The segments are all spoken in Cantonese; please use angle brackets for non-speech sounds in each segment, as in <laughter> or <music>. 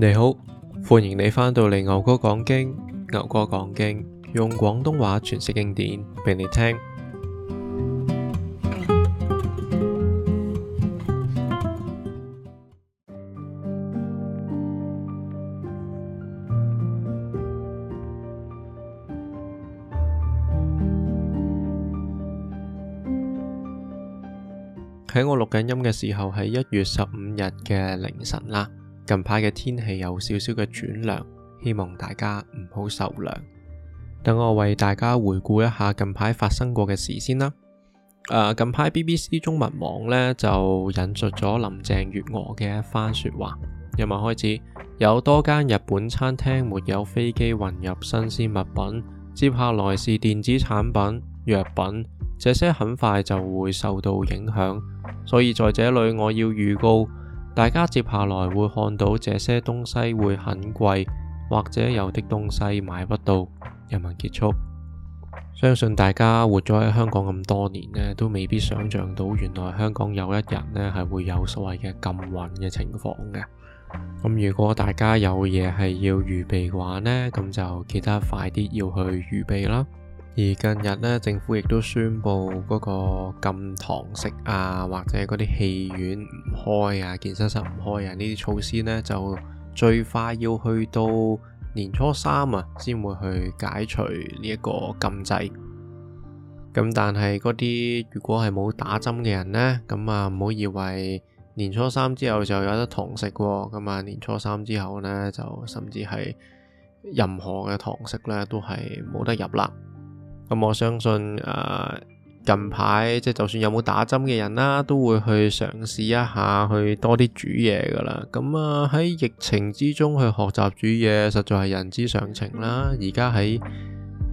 你好，歡迎你返到嚟牛哥講經，牛哥講經，用廣東話詮釋經典畀你聽。喺我錄緊音嘅時候，係一月十五日嘅凌晨啦。近排嘅天氣有少少嘅轉涼，希望大家唔好受涼。等我為大家回顧一下近排發生過嘅事先啦。誒、啊，近排 BBC 中文網呢，就引述咗林鄭月娥嘅一番說話。日文開始？有多間日本餐廳沒有飛機運入新鮮物品。接下來是電子產品、藥品，這些很快就會受到影響。所以在這裏我要預告。大家接下來會看到這些東西會很貴，或者有的東西買不到。人民結束，相信大家活咗喺香港咁多年呢，都未必想象到原來香港有一日呢係會有所謂嘅禁運嘅情況嘅。咁如果大家有嘢係要預備嘅話呢，咁就記得快啲要去預備啦。而近日咧，政府亦都宣布嗰個禁堂食啊，或者嗰啲戲院唔開啊，健身室唔開啊，呢啲措施呢，就最快要去到年初三啊，先會去解除呢一個禁制。咁但係嗰啲如果係冇打針嘅人呢，咁啊唔好以為年初三之後就有得堂食喎，啊。咁啊年初三之後呢，就甚至係任何嘅堂食呢，都係冇得入啦。咁、嗯、我相信誒、呃、近排即係就算有冇打針嘅人啦，都會去嘗試一下去多啲煮嘢㗎啦。咁啊喺疫情之中去學習煮嘢，實在係人之常情啦。而家喺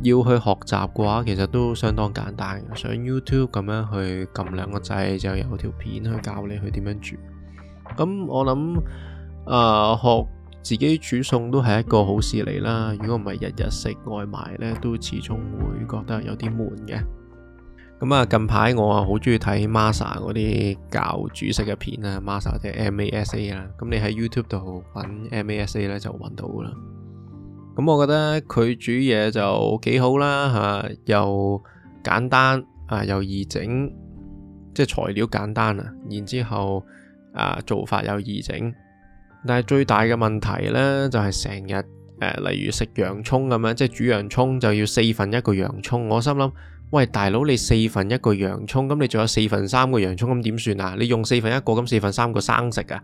要去學習嘅話，其實都相當簡單嘅，上 YouTube 咁樣去撳兩個掣就有條片去教你去點樣煮。咁、嗯、我諗誒、呃、學。自己煮餸都係一個好事嚟啦，如果唔係日日食外賣呢，都始終會覺得有啲悶嘅。咁啊，近排我啊好中意睇 Masa 嗰啲教煮食嘅片啊，Masa 即係 M A S A 啦。咁你喺 YouTube 度揾 M A S A 呢，就揾到啦。咁我覺得佢煮嘢就幾好啦，嚇又簡單啊，又易整，即係材料簡單啊，然之後啊做法又易整。但係最大嘅問題呢，就係成日誒，例如食洋葱咁樣，即係煮洋葱就要四份一個洋葱。我心諗，喂，大佬，你四份一個洋葱，咁你仲有四份三個洋葱，咁點算啊？你用四份一個，咁四份三個生食啊？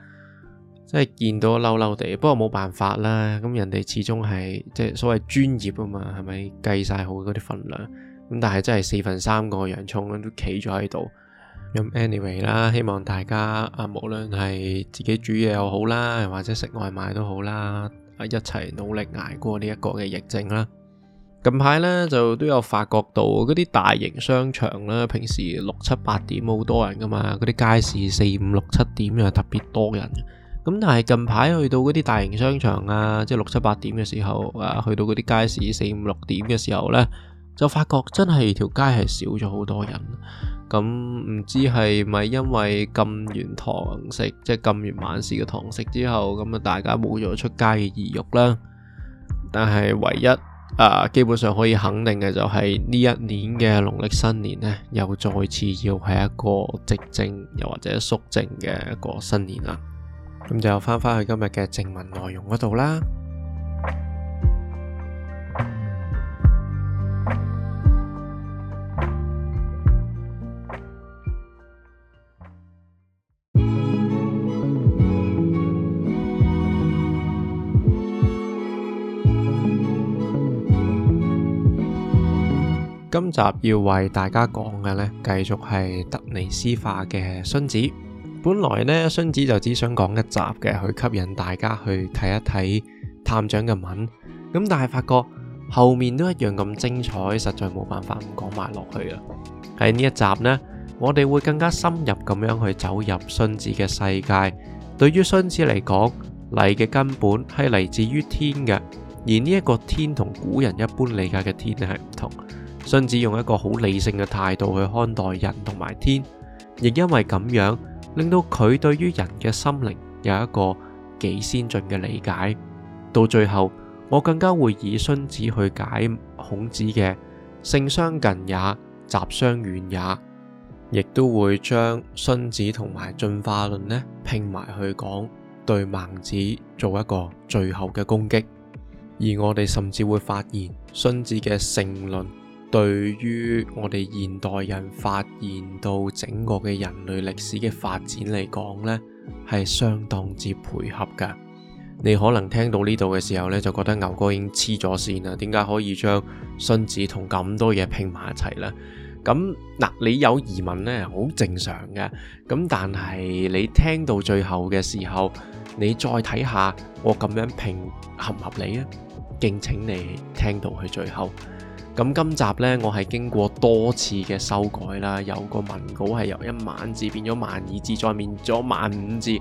真係見到嬲嬲地。不過冇辦法啦，咁人哋始終係即係所謂專業啊嘛，係咪計晒好嗰啲分量？咁但係真係四份三個洋葱都企咗喺度。咁 anyway 啦，希望大家啊，無論係自己煮嘢又好啦，或者食外賣都好啦，啊一齊努力挨過呢一個嘅疫症啦。近排呢就都有發覺到嗰啲大型商場啦，平時六七八點好多人噶嘛，嗰啲街市四五六七點又特別多人。咁但係近排去到嗰啲大型商場啊，即係六七八點嘅時候啊，去到嗰啲街市四五六點嘅時候呢，就發覺真係條街係少咗好多人。咁唔知係咪因為禁完堂食，即係禁完晚市嘅堂食之後，咁啊大家冇咗出街嘅意欲啦。但係唯一啊，基本上可以肯定嘅就係呢一年嘅農曆新年呢，又再次要係一個寂靜又或者肅靜嘅一個新年啦。咁 <music> 就翻返去今日嘅正文內容嗰度啦。今集要為大家講嘅呢，繼續係德尼思化嘅荀子。本來呢，荀子就只想講一集嘅，去吸引大家去睇一睇探長嘅文。咁但係發覺後面都一樣咁精彩，實在冇辦法唔講埋落去啊。喺呢一集呢，我哋會更加深入咁樣去走入荀子嘅世界。對於荀子嚟講，禮嘅根本係嚟自於天嘅，而呢一個天同古人一般理解嘅天係唔同。荀子用一個好理性嘅態度去看待人同埋天，亦因為咁樣令到佢對於人嘅心靈有一個幾先進嘅理解。到最後，我更加會以荀子去解孔子嘅性相近也，習相遠也，亦都會將荀子同埋進化論呢拼埋去講，對孟子做一個最後嘅攻擊。而我哋甚至會發現荀子嘅性論。對於我哋現代人發現到整個嘅人類歷史嘅發展嚟講呢，係相當之配合噶。你可能聽到呢度嘅時候呢，就覺得牛哥已經黐咗線啦。點解可以將荀子同咁多嘢拼埋一齊咧？咁嗱，你有疑問呢，好正常嘅。咁但係你聽到最後嘅時候，你再睇下我咁樣拼合唔合理啊？敬請你聽到佢最後。咁今集呢，我係經過多次嘅修改啦，有個文稿係由一萬字變咗萬二字，再變咗萬五字，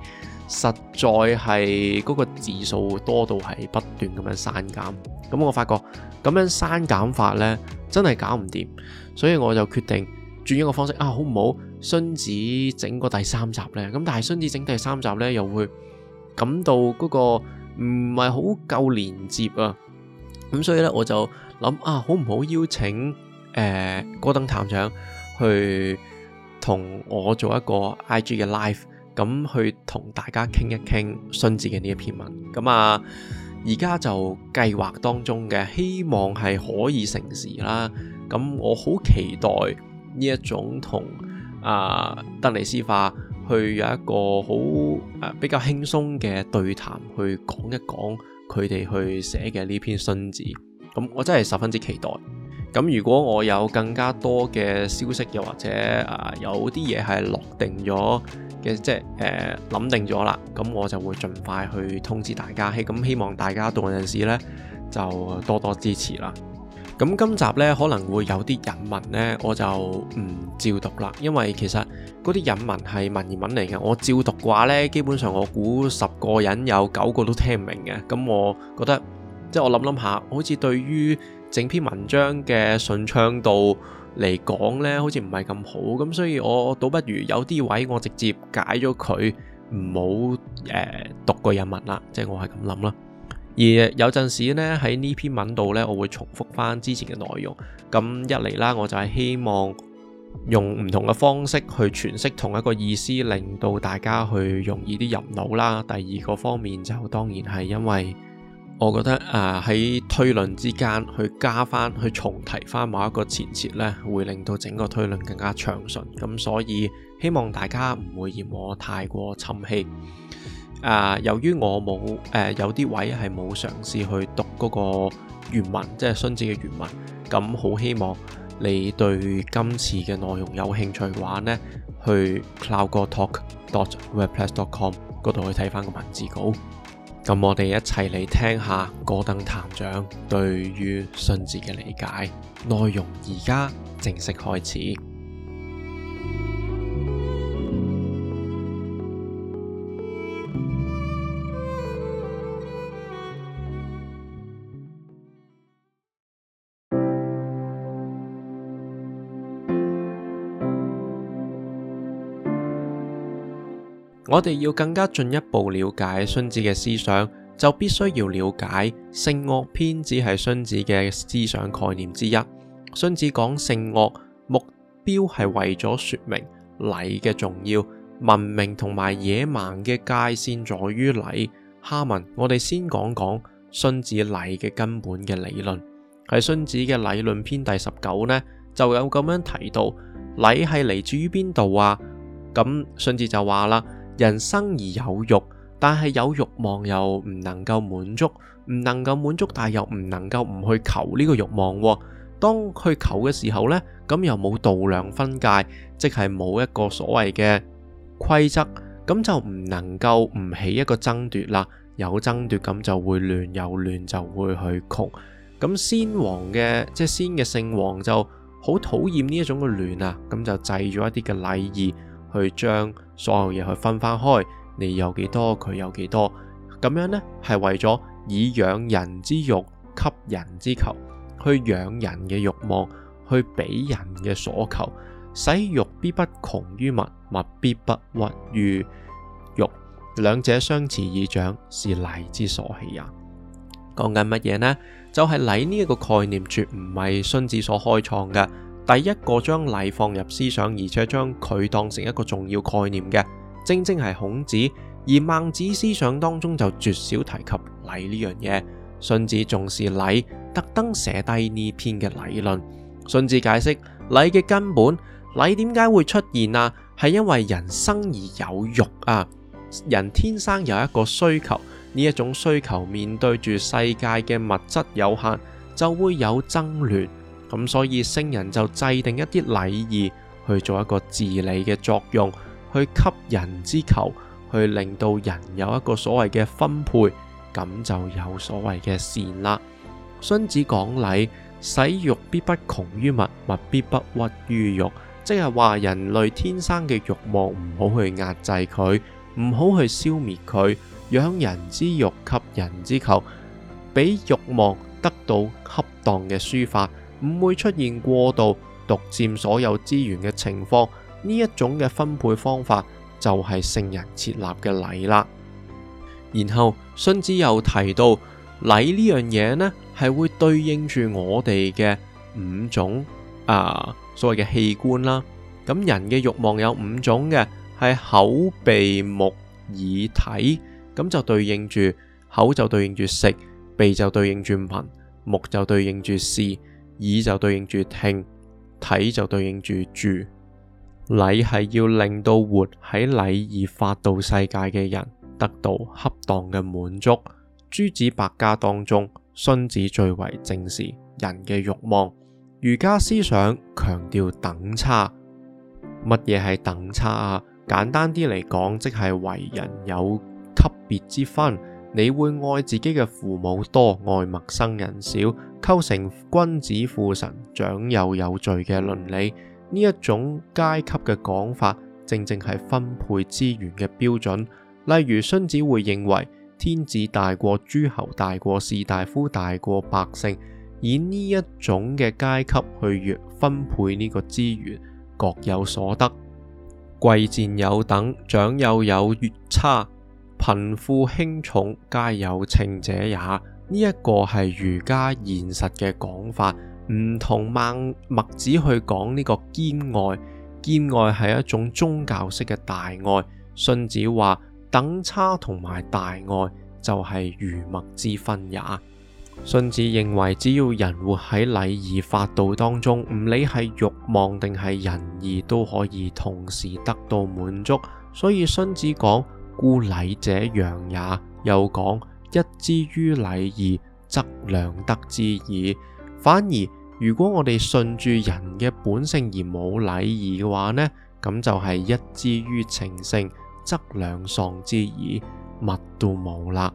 實在係嗰個字數多到係不斷咁樣刪減。咁我發覺咁樣刪減法呢，真係搞唔掂，所以我就決定轉一個方式啊，好唔好？荀子整個第三集呢，咁但係荀子整第三集呢，又會感到嗰個唔係好夠連接啊，咁所以呢，我就。諗啊，好唔好邀請誒、呃、哥登探長去同我做一個 I G 嘅 live，咁去同大家傾一傾荀子嘅呢一篇文。咁啊，而家就計劃當中嘅，希望係可以成事啦。咁我好期待呢一種同啊德尼思化去有一個好誒、呃、比較輕鬆嘅對談，去講一講佢哋去寫嘅呢篇荀子。咁我真係十分之期待。咁如果我有更加多嘅消息，又或者啊、呃、有啲嘢係落定咗嘅，即係誒諗定咗啦，咁我就會盡快去通知大家。咁希望大家到嗰陣時咧，就多多支持啦。咁今集呢，可能會有啲引文呢，我就唔照讀啦，因為其實嗰啲引文係文言文嚟嘅。我照讀嘅話呢，基本上我估十個人有九個都聽唔明嘅。咁我覺得。即係我諗諗下，好似對於整篇文章嘅順暢度嚟講呢，好似唔係咁好，咁所以我倒不如有啲位我直接解咗佢，唔好誒讀個人文啦。即係我係咁諗啦。而有陣時呢，喺呢篇文度呢，我會重複翻之前嘅內容。咁一嚟啦，我就係希望用唔同嘅方式去詮釋同一個意思，令到大家去容易啲入腦啦。第二個方面就當然係因為。我覺得啊，喺、呃、推論之間去加翻、去重提翻某一個前設呢，會令到整個推論更加暢順。咁所以希望大家唔會嫌我太過沉氣。啊、呃，由於我冇誒有啲、呃、位係冇嘗試去讀嗰個原文，即係荀子嘅原文。咁好希望你對今次嘅內容有興趣嘅話咧，去 cowgortalk.wordpress.com 嗰度去睇翻個文字稿。咁我哋一齊嚟聽下戈登探長對於信字嘅理解，內容而家正式開始。我哋要更加進一步了解荀子嘅思想，就必須要了解性惡篇，只係荀子嘅思想概念之一。荀子講性惡目標係為咗說明禮嘅重要，文明同埋野蠻嘅界線在於禮。下文，我哋先講講荀子禮嘅根本嘅理論，喺荀子嘅禮論篇第十九呢，就有咁樣提到禮係嚟自於邊度啊？咁荀子就話啦。人生而有欲，但係有欲望又唔能夠滿足，唔能夠滿足，但又唔能夠唔去求呢個欲望。當去求嘅時候呢，咁又冇度量分界，即係冇一個所謂嘅規則，咁就唔能夠唔起一個爭奪啦。有爭奪咁就會亂，有亂就會去窮。咁先王嘅即係先嘅聖王就好討厭呢一種嘅亂啊，咁就制咗一啲嘅禮儀。去將所有嘢去分翻開，你有幾多，佢有幾多，咁樣呢，係為咗以養人之欲給人之求，去養人嘅欲望，去俾人嘅所求，使欲必不窮於物，物必不屈於欲，兩者相持以長，是禮之所起啊！講緊乜嘢呢？就係禮呢一個概念，絕唔係荀子所開創嘅。第一個將禮放入思想，而且將佢當成一個重要概念嘅，正正係孔子。而孟子思想當中就絕少提及禮呢樣嘢。荀子重視禮，特登寫低呢篇嘅禮論。荀子解釋禮嘅根本，禮點解會出現啊？係因為人生而有欲啊，人天生有一個需求，呢一種需求面對住世界嘅物質有限，就會有爭亂。咁所以聖人就制定一啲禮儀去做一個治理嘅作用，去給人之求，去令到人有一個所謂嘅分配，咁就有所謂嘅善啦。荀子講禮，使欲必不窮於物，物必不屈於欲，即係話人類天生嘅欲望唔好去壓制佢，唔好去消滅佢，養人之欲，給人之求，俾欲望得到恰當嘅抒發。唔會出現過度獨占所有資源嘅情況，呢一種嘅分配方法就係聖人設立嘅禮啦。然後荀子又提到禮呢樣嘢呢，係會對應住我哋嘅五種啊，所謂嘅器官啦。咁人嘅欲望有五種嘅，係口、鼻、目、耳、體，咁就對應住口就對應住食，鼻就對應住聞，目就對應住視。耳就對應住聽，睇就對應住住。禮係要令到活喺禮儀法度世界嘅人得到恰當嘅滿足。諸子百家當中，荀子最為正視人嘅欲望。儒家思想強調等差，乜嘢係等差啊？簡單啲嚟講，即係為人有級別之分。你會愛自己嘅父母多，愛陌生人少。構成君臣、父子、長幼有序嘅倫理。呢一種階級嘅講法，正正係分配資源嘅標準。例如，荀子會認為天子大過諸侯，大過士大夫，大過百姓，以呢一種嘅階級去分配呢個資源，各有所得。貴賤有等，長幼有越差，貧富輕重皆有稱者也。呢一個係儒家現實嘅講法，唔同孟墨子去講呢個兼愛。兼愛係一種宗教式嘅大愛。荀子話等差同埋大愛就係儒墨之分也。荀子認為只要人活喺禮義法度當中，唔理係慾望定係仁義都可以同時得到滿足。所以荀子講故禮者，養也。又講一之於禮儀，則良德之矣；反而，如果我哋順住人嘅本性而冇禮儀嘅話呢？咁就係一之於情性，則良喪之矣，乜都冇啦。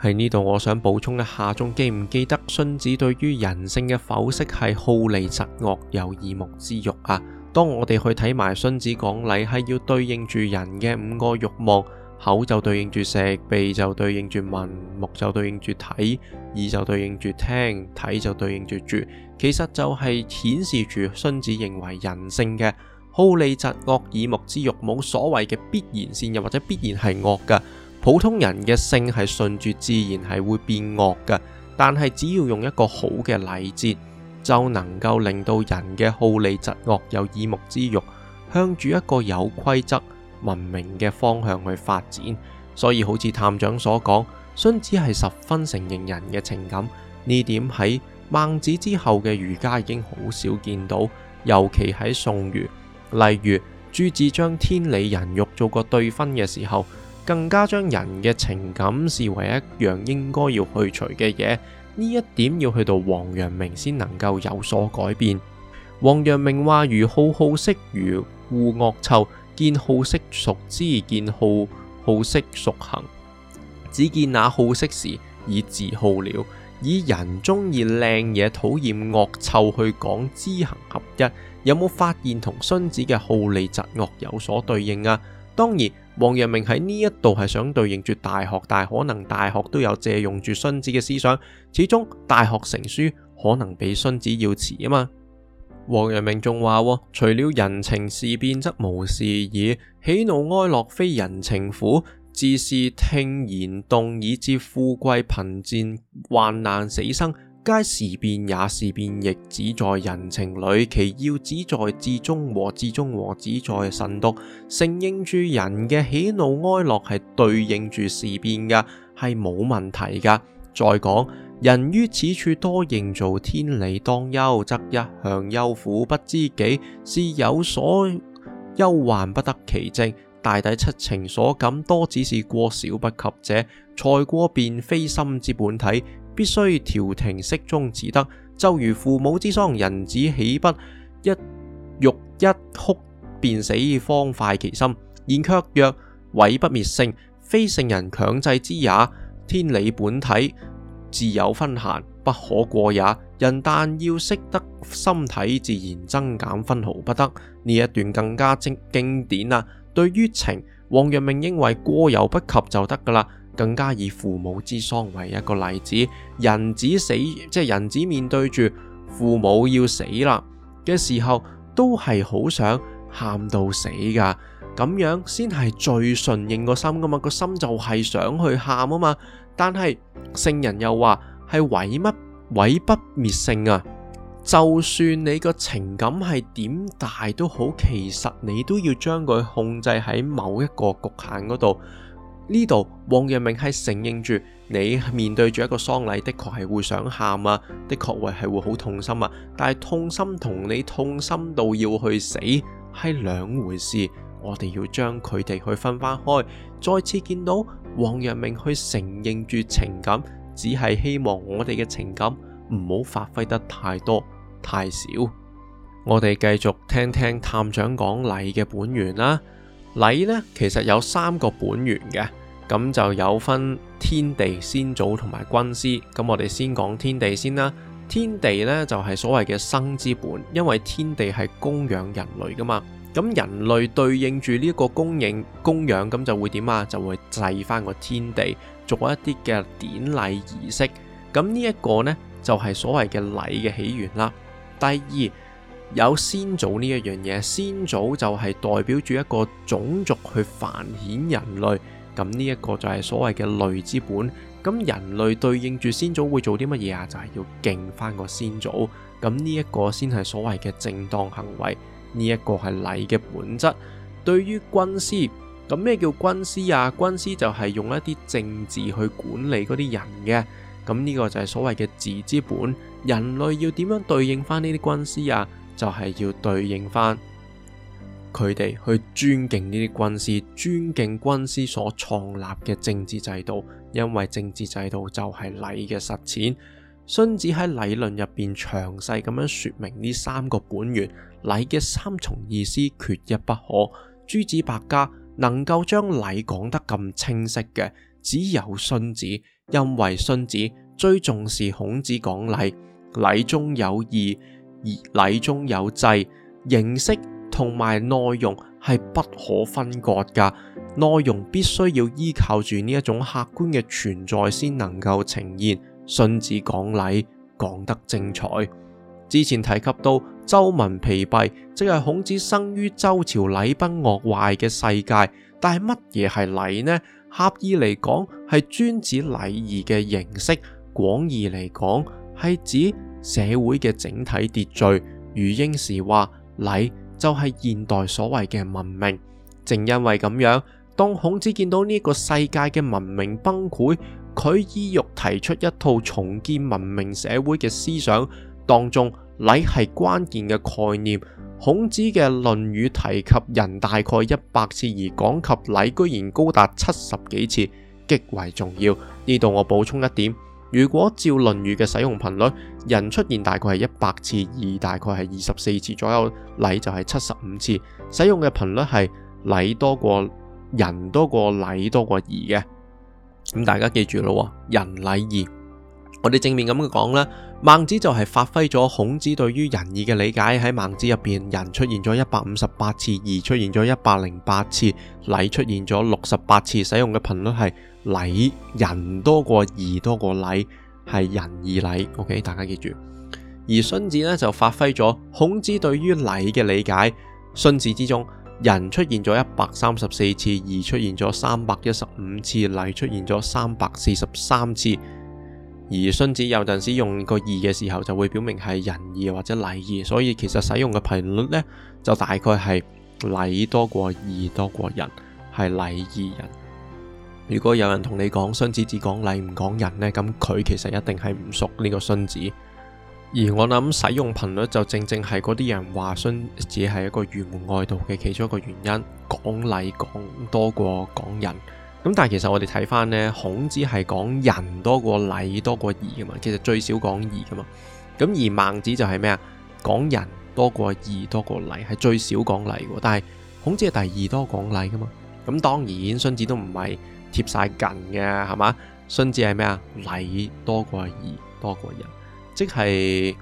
喺呢度，我想補充一下，仲記唔記得荀子對於人性嘅剖析係好利、疾惡、有耳目之欲啊？當我哋去睇埋荀子講禮，係要對應住人嘅五個欲望。口就對應住食，鼻就對應住聞，目就對應住睇，耳就對應住聽，睇就對應住住。其實就係顯示住荀子認為人性嘅好利疾惡、耳目之欲，冇所謂嘅必然善又或者必然係惡嘅。普通人嘅性係順住自然係會變惡嘅，但係只要用一個好嘅禮節，就能夠令到人嘅好利疾惡有耳目之欲，向住一個有規則。文明嘅方向去發展，所以好似探長所講，荀子係十分承認人嘅情感，呢點喺孟子之後嘅儒家已經好少見到，尤其喺宋儒。例如朱子將天理人欲做個對分嘅時候，更加將人嘅情感視為一樣應該要去除嘅嘢，呢一點要去到王陽明先能夠有所改變。王陽明話如好好色，如惡惡臭。見好色屬知，見好好色屬行。只見那好色時已自好了，以人中意靚嘢討厭惡臭去講知行合一，有冇發現同荀子嘅好利疾惡有所對應啊？當然，王陽明喺呢一度係想對應住《大學》，但可能《大學》都有借用住荀子嘅思想。始終《大學》成書可能比荀子要遲啊嘛。王陽明仲話，哦，除了人情事變，則無事矣。喜怒哀樂非人情苦，自是聽言動，以至富貴貧賤、患難死生，皆事變也。事變亦只在人情裏，其要只在至中和。至中和只在慎獨。承認住人嘅喜怒哀樂係對應住事變嘅，係冇問題噶。再講，人於此處多營造天理當憂，則一向憂苦不知己，是有所憂患不得其正。大抵七情所感，多只是過少不及者，才過便非心之本體，必須調停適中，至得。就如父母之喪，人子豈不一欲一哭便死，方快其心，然卻曰毀不滅性，非聖人強制之也。天理本體自有分限，不可過也。人但要識得心體，自然增減分毫不得。呢一段更加精經典啦。對於情，王陽明認為過猶不及就得噶啦。更加以父母之喪為一個例子，人子死即係人子面對住父母要死啦嘅時候，都係好想喊到死噶。咁樣先係最順應個心噶嘛，個心就係想去喊啊嘛。但係聖人又話係毀乜毀不滅性啊。就算你個情感係點大都好，其實你都要將佢控制喺某一個局限嗰度。呢度，王陽明係承認住你面對住一個喪禮，的確係會想喊啊，的確係會好痛心啊。但係痛心同你痛心到要去死，係兩回事。我哋要將佢哋去分分開，再次見到王陽明去承認住情感，只係希望我哋嘅情感唔好發揮得太多太少。我哋繼續聽聽探長講禮嘅本源啦。禮呢其實有三個本源嘅，咁就有分天地、先祖同埋君師。咁我哋先講天地先啦。天地呢就係、是、所謂嘅生之本，因為天地係供養人類㗎嘛。咁人類對應住呢一個供應供養，咁就會點啊？就會祭翻個天地，做一啲嘅典禮儀式。咁呢一個呢，就係所謂嘅禮嘅起源啦。第二有先祖呢一樣嘢，先祖就係代表住一個種族去繁衍人類。咁呢一個就係所謂嘅類之本。咁人類對應住先祖會做啲乜嘢啊？就係要敬翻個先祖。咁呢一個先係所謂嘅正當行為。呢一個係禮嘅本質。對於君師，咁咩叫君師啊？君師就係用一啲政治去管理嗰啲人嘅。咁呢個就係所謂嘅治之本。人類要點樣對應翻呢啲君師啊？就係、是、要對應翻佢哋去尊敬呢啲君師，尊敬君師所創立嘅政治制度，因為政治制度就係禮嘅實踐。荀子喺禮論入邊詳細咁樣說明呢三個本源。禮嘅三重意思缺一不可。諸子百家能夠將禮講得咁清晰嘅，只有荀子，因為荀子最重視孔子講禮。禮中有義，而禮中有制，形式同埋內容係不可分割㗎。內容必須要依靠住呢一種客觀嘅存在先能夠呈現。荀子講禮講得精彩，之前提及到。周文疲弊，即係孔子生於周朝禮崩樂壞嘅世界。但係乜嘢係禮呢？狹義嚟講，係專指禮儀嘅形式；廣義嚟講，係指社會嘅整體秩序。余英時話，禮就係現代所謂嘅文明。正因為咁樣，當孔子見到呢個世界嘅文明崩潰，佢意欲提出一套重建文明社會嘅思想，當中。禮係關鍵嘅概念，孔子嘅《論語》提及仁大概一百次，而講及禮居然高達七十幾次，極為重要。呢度我補充一點：如果照《論語》嘅使用頻率，仁出現大概係一百次，義大概係二十四次左右，禮就係七十五次，使用嘅頻率係禮多過仁多過禮多過義嘅。咁、嗯、大家記住咯，仁禮義，我哋正面咁去講啦。孟子就係發揮咗孔子對於仁義嘅理解喺孟子入邊，仁出現咗一百五十八次，義出現咗一百零八次，禮出現咗六十八次，使用嘅頻率係禮仁多過義多過禮，係仁義禮。O.K. 大家記住。而荀子呢，就發揮咗孔子對於禮嘅理解，荀子之中，仁出現咗一百三十四次，義出現咗三百一十五次，禮出現咗三百四十三次。而荀子有陣時用個義嘅時候，就會表明係仁義或者禮義，所以其實使用嘅頻率呢，就大概係禮多過義多過仁，係禮義仁。如果有人同你講荀子只講禮唔講仁呢，咁佢其實一定係唔熟呢個荀子。而我諗使用頻率就正正係嗰啲人話荀子係一個儒門外道嘅其中一個原因，講禮講多過講仁。咁但係其實我哋睇翻呢，孔子係講仁多過禮多過義噶嘛，其實最少講義噶嘛。咁而孟子就係咩啊？講仁多過義多過禮，係最少講禮嘅。但係孔子係第二多講禮噶嘛。咁當然，荀子都唔係貼晒近嘅，係嘛？荀子係咩啊？禮多過義多過仁，即係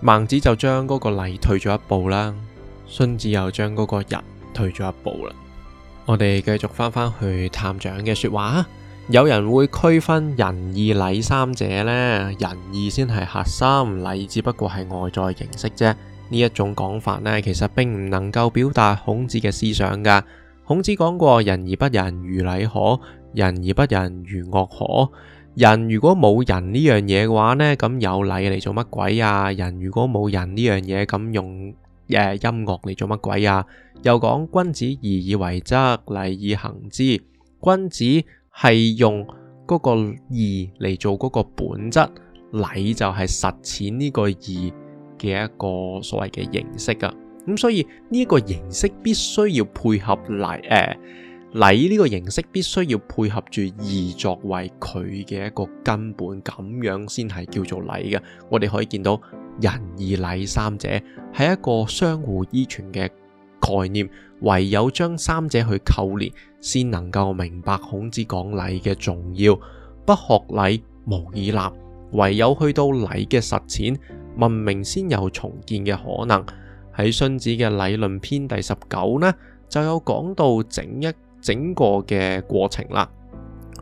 孟子就將嗰個禮退咗一步啦，荀子又將嗰個仁退咗一步啦。我哋繼續翻返去探長嘅說話。有人會區分仁義禮三者呢，仁義先係核心，禮只不過係外在形式啫。呢一種講法呢，其實並唔能夠表達孔子嘅思想噶。孔子講過：人而不仁，如禮何，人而不仁，如樂何。」人如果冇仁呢樣嘢嘅話呢，咁有禮嚟做乜鬼啊？人如果冇仁呢樣嘢，咁用？誒，音樂你做乜鬼啊？又講君子義以為質，禮以行之。君子係用嗰個義嚟做嗰個本質，禮就係實踐呢個義嘅一個所謂嘅形式噶。咁、嗯、所以呢一個形式必須要配合禮，誒、呃，禮呢個形式必須要配合住義作為佢嘅一個根本，咁樣先係叫做禮嘅。我哋可以見到。仁義禮三者係一個相互依存嘅概念，唯有將三者去扣連，先能夠明白孔子講禮嘅重要。不學禮，無以立。唯有去到禮嘅實踐，文明先有重建嘅可能。喺荀子嘅《禮論》篇第十九呢，就有講到整一整個嘅過程啦。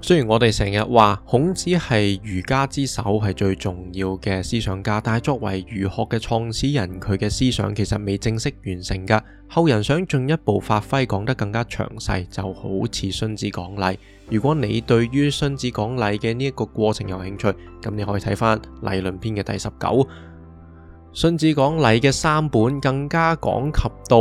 雖然我哋成日話孔子係儒家之首，係最重要嘅思想家，但係作為儒學嘅創始人，佢嘅思想其實未正式完成噶。後人想進一步發揮，講得更加詳細，就好似荀子講禮。如果你對於荀子講禮嘅呢一個過程有興趣，咁你可以睇翻《禮論篇》嘅第十九。荀子講禮嘅三本，更加講及到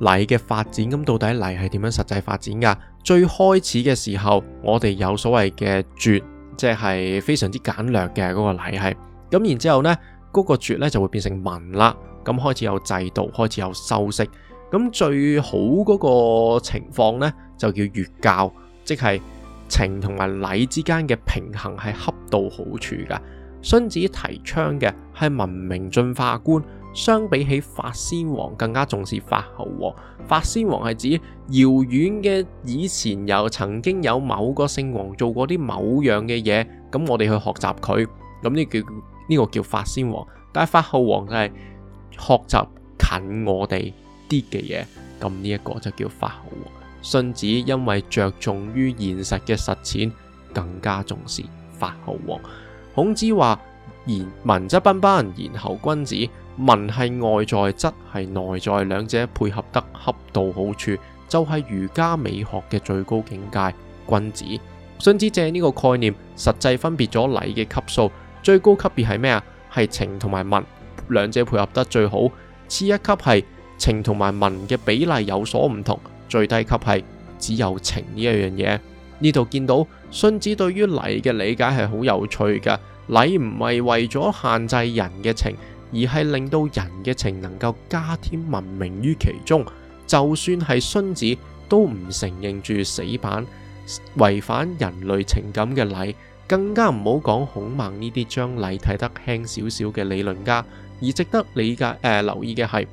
禮嘅發展，咁到底禮係點樣實際發展噶？最開始嘅時候，我哋有所謂嘅絕，即係非常之簡略嘅嗰個禮係。咁然之後呢，嗰個絕呢就會變成文啦。咁開始有制度，開始有修飾。咁最好嗰個情況呢，就叫越教，即係情同埋禮之間嘅平衡係恰到好處嘅。荀子提倡嘅係文明進化觀。相比起法先王，更加重視法後王。法先王係指遙遠嘅以前，又曾經有某個聖王做過啲某樣嘅嘢，咁我哋去學習佢，咁呢叫呢、呢個叫法先王。但係法後王就係學習近，近我哋啲嘅嘢，咁呢一個就叫法後王。荀子因為着重於現實嘅實踐，更加重視法後王。孔子話：言文質彬彬，然後君子。文係外在，質係內在，兩者配合得恰到好處，就係儒家美學嘅最高境界。君子，荀子借呢個概念，實際分別咗禮嘅級數，最高級別係咩啊？係情同埋文，兩者配合得最好。次一級係情同埋文嘅比例有所唔同，最低級係只有情呢一樣嘢。呢度見到荀子對於禮嘅理解係好有趣㗎，禮唔係為咗限制人嘅情。而係令到人嘅情能夠加添文明於其中，就算係荀子都唔承認住死板違反人類情感嘅禮，更加唔好講孔孟呢啲將禮睇得輕少少嘅理論家。而值得理解誒留意嘅係，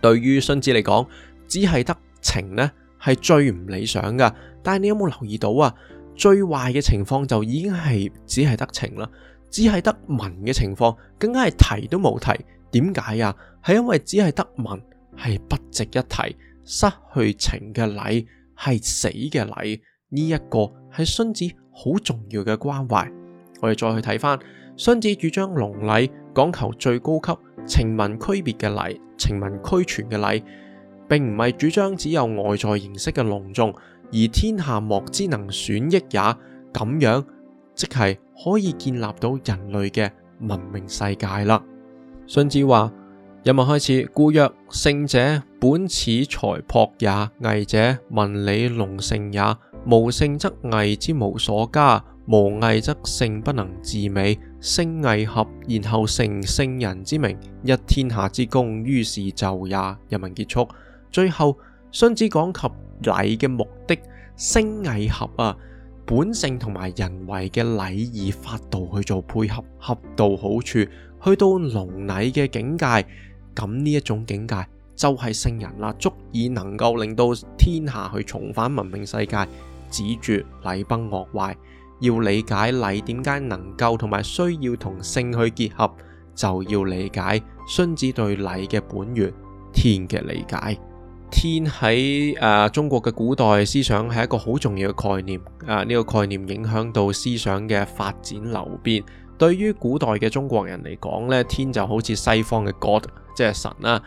對於荀子嚟講，只係得情呢係最唔理想㗎。但係你有冇留意到啊？最壞嘅情況就已經係只係得情啦。只係得文嘅情況，更加係提都冇提。點解啊？係因為只係得文係不值一提，失去情嘅禮係死嘅禮。呢一個係荀子好重要嘅關懷。我哋再去睇翻，荀子主張隆禮，講求最高級情文區別嘅禮，情文俱全嘅禮，並唔係主張只有外在形式嘅隆重，而天下莫之能損益也。咁樣即係。可以建立到人類嘅文明世界啦。荀子話：引文開始，故曰：性者本始材朴也，偽者文理隆盛也。無性則偽之無所加，無偽則性不能自美。性偽合，然後成聖人之名，一天下之功，於是就也。引文結束。最後，荀子講及禮嘅目的，性偽合啊。本性同埋人為嘅禮儀法度去做配合，恰到好處，去到隆禮嘅境界，咁呢一種境界就係聖人啦，足以能夠令到天下去重返文明世界，止住禮崩樂壞。要理解禮點解能夠同埋需要同性去結合，就要理解荀子對禮嘅本源天嘅理解。天喺誒、呃，中國嘅古代思想係一個好重要嘅概念，啊、呃、呢、這個概念影響到思想嘅發展流變。對於古代嘅中國人嚟講咧，天就好似西方嘅 God，即係神啦、啊。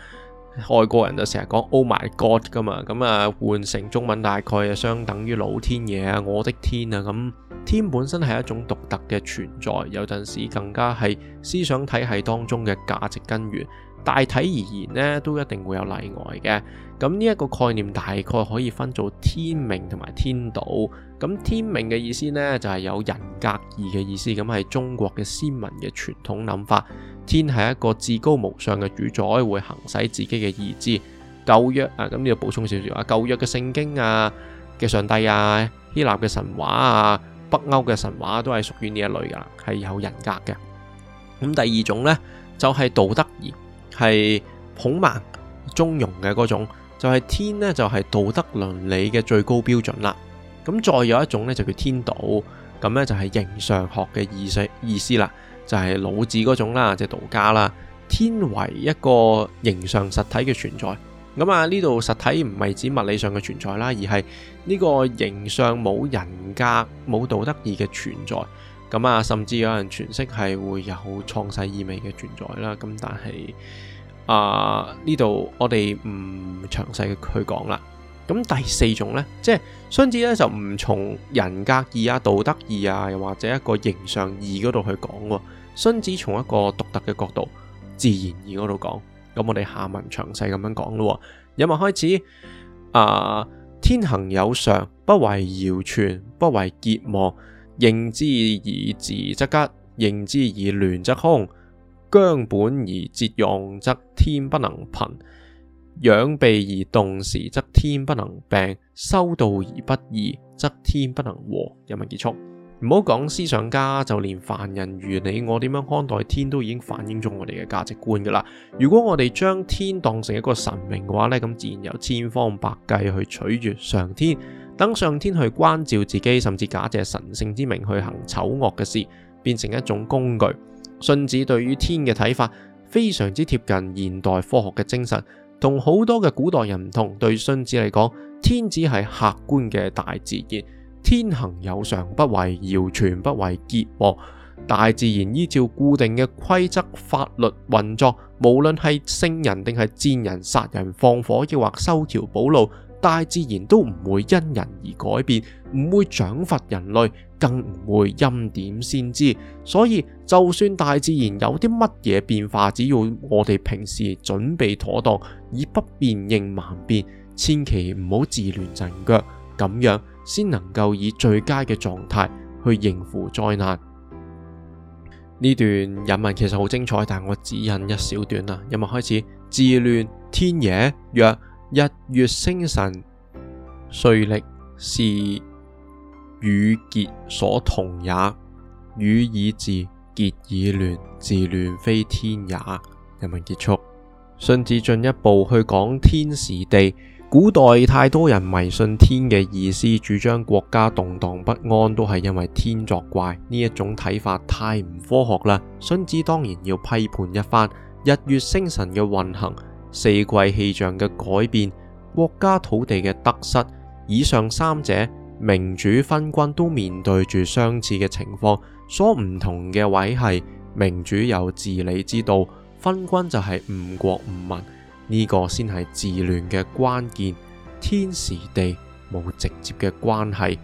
外國人就成日講 Oh my God 噶嘛咁、嗯、啊換成中文大概啊相等於老天爺啊，我的天啊，咁、嗯、天本身係一種獨特嘅存在，有陣時更加係思想體系當中嘅價值根源。大體而言咧，都一定會有例外嘅。咁呢一個概念大概可以分做天命同埋天道。咁天命嘅意思呢，就係有人格義嘅意思，咁係中國嘅先民嘅傳統諗法。天係一個至高無上嘅主宰，會行使自己嘅意志。舊約啊，咁要補充少少啊，舊約嘅聖經啊嘅上帝啊，希臘嘅神話啊，北歐嘅神話都係屬於呢一類噶，係有人格嘅。咁第二種呢，就係道德義，係孔孟、中庸嘅嗰種。就係天咧，就係道德倫理嘅最高標準啦。咁再有一種咧，就叫天道，咁咧就係形上學嘅意思意思啦，就係老子嗰種啦，即係道家啦。天為一個形上實體嘅存在。咁啊，呢度實體唔係指物理上嘅存在啦，而係呢個形上冇人格、冇道德義嘅存在。咁啊，甚至有人詮釋係會有創世意味嘅存在啦。咁但係，啊！呢度，uh, 我哋唔詳細去佢講啦。咁第四種呢，即係荀子咧，就唔從人格義啊、道德義啊，又或者一個形上義嗰度去講嘅。荀子從一個獨特嘅角度，自然義嗰度講。咁我哋下文詳細咁樣講咯。有物開始，啊、uh,，天行有常，不為堯存，不為桀亡。應之以治則吉，應之以亂則凶。姜本而節用，則天不能貧；養備而動時，則天不能病；修道而不貳，則天不能和。引文結束，唔好講思想家，就連凡人如你我，點樣看待天都已經反映咗我哋嘅價值觀噶啦。如果我哋將天當成一個神明嘅話呢，咁自然有千方百計去取悅上天，等上天去關照自己，甚至假借神聖之名去行醜惡嘅事，變成一種工具。荀子對於天嘅睇法非常之貼近現代科學嘅精神，同好多嘅古代人唔同。對荀子嚟講，天只係客觀嘅大自然，天行有常，傳不為堯存，不為桀亡。大自然依照固定嘅規則、法律運作，無論係聖人定係賤人殺人放火，亦或修橋補路，大自然都唔會因人而改變，唔會獎罰人類，更唔會欽點先知。所以就算大自然有啲乜嘢變化，只要我哋平時準備妥當，以不變應萬變，千祈唔好自亂陣腳，咁樣先能夠以最佳嘅狀態去應付災難。呢段引文其實好精彩，但我只引一小段啦。今日開始，自亂天野若。日月星辰，瑞曆是禹桀所同也。禹以治，桀以亂，治亂非天也。人民結束。荀子進一步去講天時地。古代太多人迷信天嘅意思，主張國家動盪不安都係因為天作怪，呢一種睇法太唔科學啦。荀子當然要批判一番日月星辰嘅運行。四季氣象嘅改變，國家土地嘅得失，以上三者，明主昏君都面對住相似嘅情況，所唔同嘅位係，明主有治理之道，昏君就係誤國誤民，呢、這個先係治亂嘅關鍵。天時地冇直接嘅關係。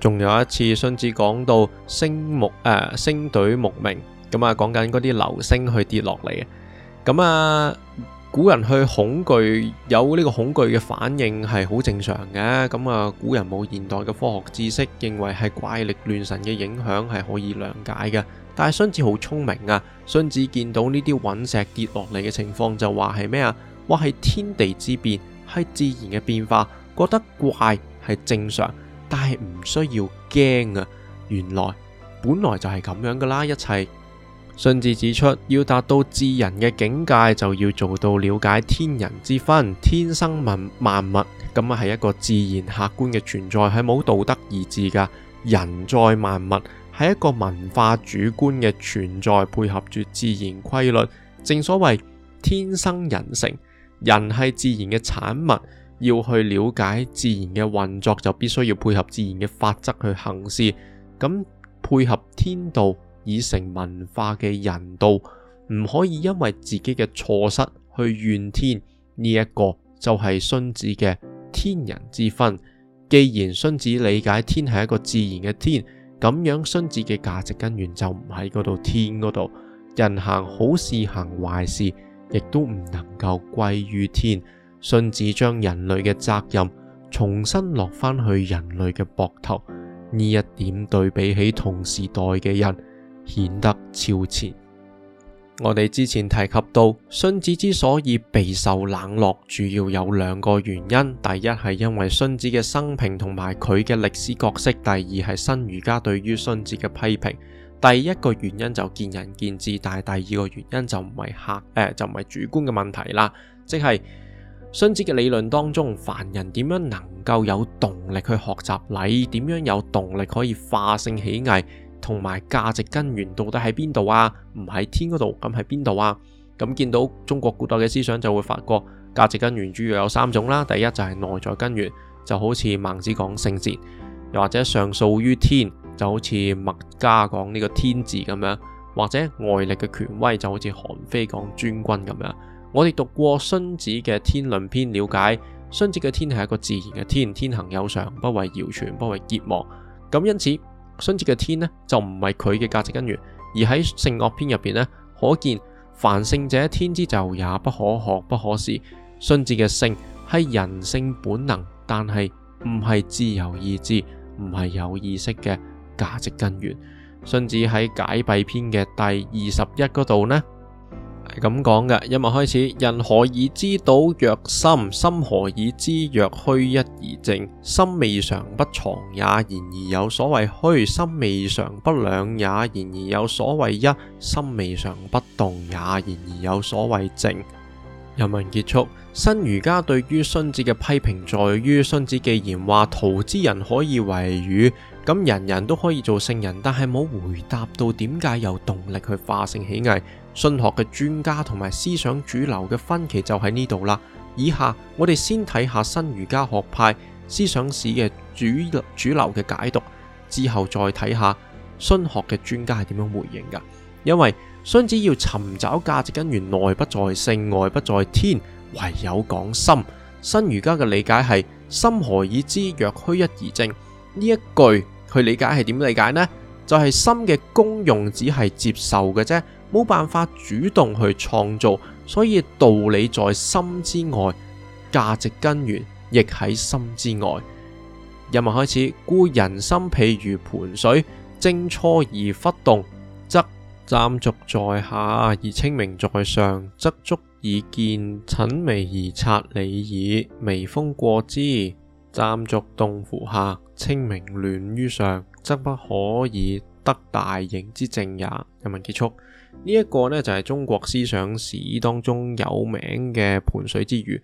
仲有一次，荀子講到星木誒、呃，星隊木鳴，咁啊，講緊嗰啲流星去跌落嚟嘅，咁啊。古人去恐懼，有呢個恐懼嘅反應係好正常嘅。咁啊，古人冇現代嘅科學知識，認為係怪力亂神嘅影響係可以諒解嘅。但係荀子好聰明啊，荀子見到呢啲隕石跌落嚟嘅情況就話係咩啊？話係天地之變，係自然嘅變化，覺得怪係正常，但係唔需要驚啊。原來本來就係咁樣噶啦，一切。荀子指出，要達到至人嘅境界，就要做到了解天人之分。天生萬萬物咁啊，係一個自然客觀嘅存在，係冇道德意志噶。人在萬物係一個文化主觀嘅存在，配合住自然規律。正所謂天生人成，人係自然嘅產物，要去了解自然嘅運作，就必須要配合自然嘅法則去行事，咁配合天道，已成文化嘅人道，唔可以因為自己嘅錯失去怨天。呢一個就係荀子嘅天人之分。既然荀子理解天係一個自然嘅天，咁樣荀子嘅價值根源就唔喺嗰度天嗰度。人行好事行壞事，亦都唔能夠歸於天。荀子將人類嘅責任重新落翻去人類嘅膊頭。呢一點對比起同時代嘅人。顯得超前。我哋之前提及到荀子之所以備受冷落，主要有兩個原因。第一係因為荀子嘅生平同埋佢嘅歷史角色；第二係新儒家對於荀子嘅批評。第一個原因就見仁見智，但係第二個原因就唔係客誒、呃，就唔係主觀嘅問題啦，即係荀子嘅理論當中，凡人點樣能夠有動力去學習禮，點樣有動力可以化性起偽。同埋價值根源到底喺邊度啊？唔喺天嗰度，咁喺邊度啊？咁見到中國古代嘅思想，就會發覺價值根源主要有三種啦。第一就係內在根源，就好似孟子講聖賢，又或者上訴於天，就好似墨家講呢個天字咁樣，或者外力嘅權威，就好似韓非講尊君咁樣。我哋讀過荀子嘅《天論篇》，了解荀子嘅天係一個自然嘅天，天行有常，不為堯存，不為桀亡。咁因此，荀子嘅天呢就唔係佢嘅價值根源，而喺性惡篇入邊呢，可見凡性者天之就，也不可學，不可事。荀子嘅性係人性本能，但係唔係自由意志，唔係有意識嘅價值根源。荀子喺解蔽篇嘅第二十一嗰度呢，係咁講嘅，引文開始，人何以知道曰心？心何以知曰虛壹而靜？心未嘗不藏也，然而有所謂虛；心未嘗不兩也，然而有所謂壹；心未嘗不動也，然而有所謂靜。引文結束。新儒家對於荀子嘅批評，在於荀子既然話塗之人可以為禹，咁人人都可以做聖人，但係冇回答到點解有動力去化性起偽。荀學嘅專家同埋思想主流嘅分歧就喺呢度啦。以下我哋先睇下新儒家學派思想史嘅主主流嘅解讀，之後再睇下荀學嘅專家係點樣回應噶。因為荀子要尋找價值根源，內不在性，外不在天，唯有講心。新儒家嘅理解係心何以知？若虛壹而靜。呢一句佢理解係點理解呢？就係、是、心嘅功用只係接受嘅啫。冇辦法主動去創造，所以道理在心之外，價值根源亦喺心之外。引文開始故人心譬如槃水，正錯而勿動，則湛濁在下而清明在上，則足以見鬚眉而察理矣。微風過之，湛濁動乎下，清明亂於上，則不可以得大形之正也。引文結束。呢一個呢，就係中國思想史當中有名嘅盤水之喻。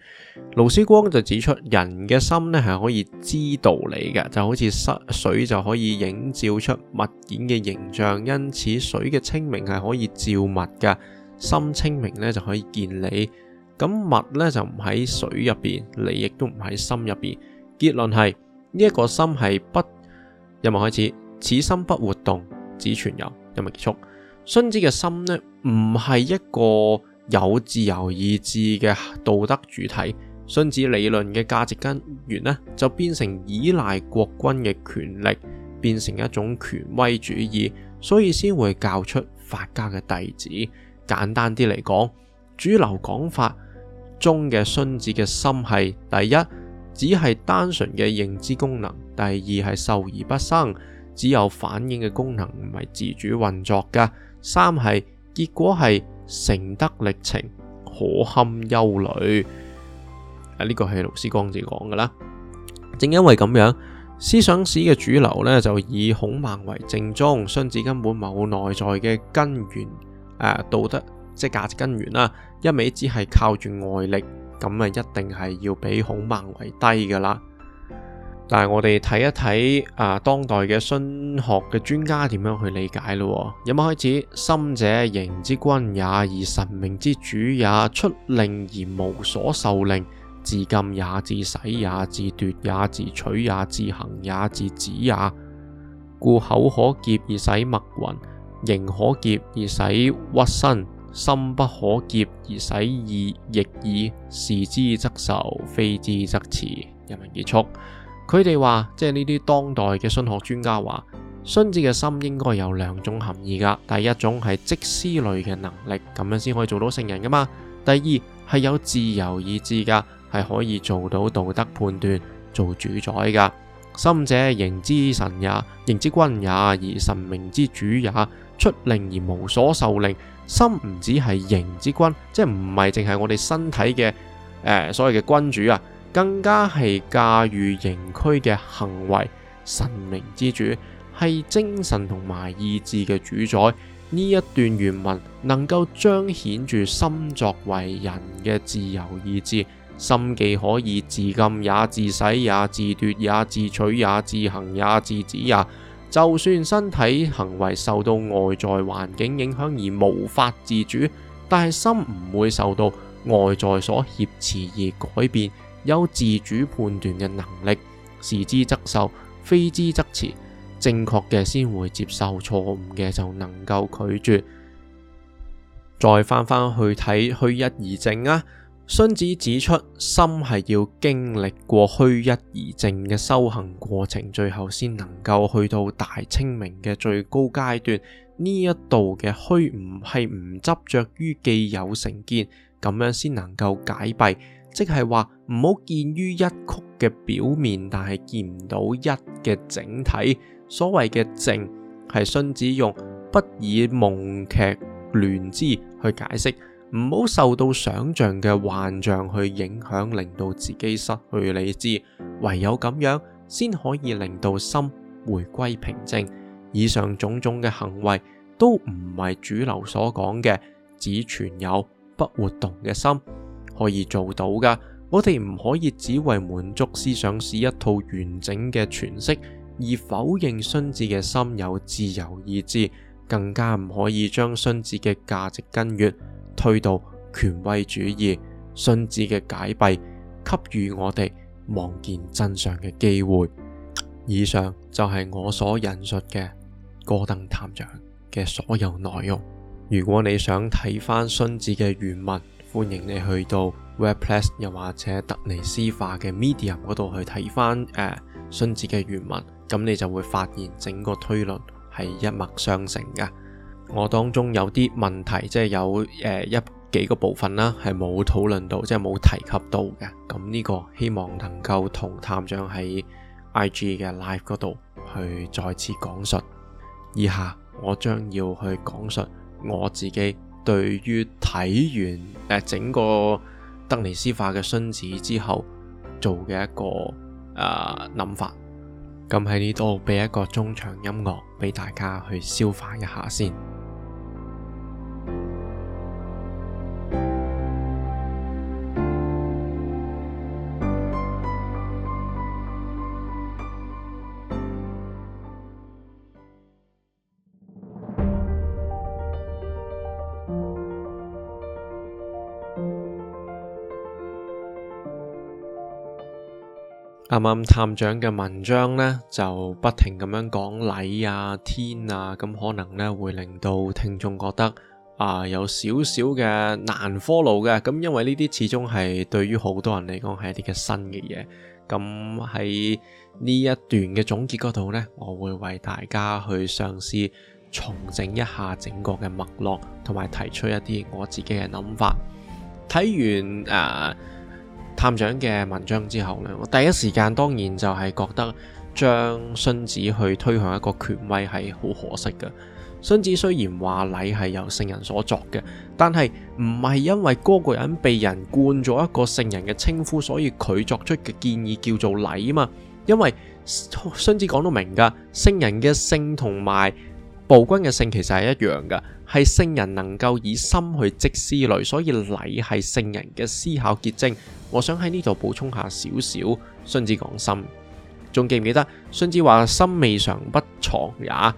盧思光就指出，人嘅心呢，係可以知道理嘅，就好似濕水就可以映照出物件嘅形象，因此水嘅清明係可以照物嘅，心清明呢就可以見理。咁物呢就唔喺水入邊，理亦都唔喺心入邊。結論係呢一個心係不。一文開始，此心不活動，只存有。一文結束。荀子嘅心呢，唔係一個有自由意志嘅道德主體。荀子理論嘅價值根源呢，就變成依賴國君嘅權力，變成一種權威主義，所以先會教出法家嘅弟子。簡單啲嚟講，主流講法中嘅荀子嘅心係：第一，只係單純嘅認知功能；第二，係受而不生，只有反應嘅功能，唔係自主運作噶。三，係結果係成德歷程，可堪憂慮，啊呢個係老師剛才講嘅啦。正因為咁樣，思想史嘅主流呢，就以孔孟為正宗，荀子根本冇內在嘅根源，誒、啊、道德即係價值根源啦，一味只係靠住外力，咁啊一定係要比孔孟為低噶啦。但係我哋睇一睇啊、呃，當代嘅荀學嘅專家點樣去理解咯？有文開始，心者形之君也，而神明之主也。出令而無所受令，自禁也自使也自奪也自取也自行也自止也。故口可劫而使墨雲，形可劫而使屈身，心不可劫而使意易意，是之則受，非之則辭。一文結束。佢哋話，即係呢啲當代嘅新學專家話，荀子嘅心應該有兩種含義噶。第一種係積思慮嘅能力，咁樣先可以做到聖人噶嘛。第二係有自由意志噶，係可以做到道德判斷、做主宰噶。心者，形之神也，形之君也，而神明之主也。出令而無所受令。心唔止係形之君，即係唔係淨係我哋身體嘅、呃、所謂嘅君主啊。更加係駕馭形軀嘅行為，神明之主係精神同埋意志嘅主宰。呢一段原文能夠彰顯住心作為人嘅自由意志，心既可以自禁也自使也自奪也自取也自行也自止也。就算身體行為受到外在環境影響而無法自主，但係心唔會受到外在所挾持而改變。有自主判斷嘅能力，是之則受，非之則辭。正確嘅先會接受，錯誤嘅就能夠拒絕。再翻翻去睇虛一而靜啊，荀子指出心係要經歷過虛一而靜嘅修行過程，最後先能夠去到大清明嘅最高階段。呢一度嘅虛唔係唔執着於既有成見，咁樣先能夠解蔽。即係話唔好見於一曲嘅表面，但係見唔到一嘅整體。所謂嘅靜，係荀子用不以夢劇亂之去解釋，唔好受到想象嘅幻象去影響，令到自己失去理智。唯有咁樣，先可以令到心回歸平靜。以上種種嘅行為，都唔係主流所講嘅，只存有不活動嘅心。可以做到噶，我哋唔可以只為滿足思想是一套完整嘅詮釋，而否認荀子嘅心有自由意志，更加唔可以將荀子嘅價值根源推到權威主義。荀子嘅解蔽，給予我哋望見真相嘅機會。以上就係我所引述嘅哥登探長嘅所有內容。如果你想睇翻荀子嘅原文，歡迎你去到 WebPlus 又或者德尼思化嘅 Medium 嗰度去睇翻誒荀子嘅原文，咁你就會發現整個推論係一脈相承嘅。我當中有啲問題，即係有誒一幾個部分啦，係冇討論到，即係冇提及到嘅。咁呢個希望能夠同探長喺 IG 嘅 Live 嗰度去再次講述。以下我將要去講述我自己對於睇完誒整個德尼思化嘅荀子之後做嘅一個啊呃諗法。咁喺呢度俾一個中場音樂俾大家去消化一下先。啱啱探長嘅文章呢，就不停咁樣講禮啊、天啊，咁可能呢會令到聽眾覺得啊、呃、有少少嘅難 follow 嘅，咁因為呢啲始終係對於好多人嚟講係一啲嘅新嘅嘢。咁喺呢一段嘅總結嗰度呢，我會為大家去嘗試重整一下整個嘅脈絡，同埋提出一啲我自己嘅諗法。睇完誒，呃探長嘅文章之後咧，我第一時間當然就係覺得將荀子去推向一個權威係好可惜嘅。荀子雖然話禮係由聖人所作嘅，但係唔係因為嗰個人被人冠咗一個聖人嘅稱呼，所以佢作出嘅建議叫做禮啊嘛。因為荀子講到明㗎，聖人嘅性同埋暴君嘅性其實係一樣㗎，係聖人能夠以心去積思慮，所以禮係聖人嘅思考結晶。我想喺呢度補充下少少，荀子講心，仲記唔記得荀子話心未嘗不藏也，然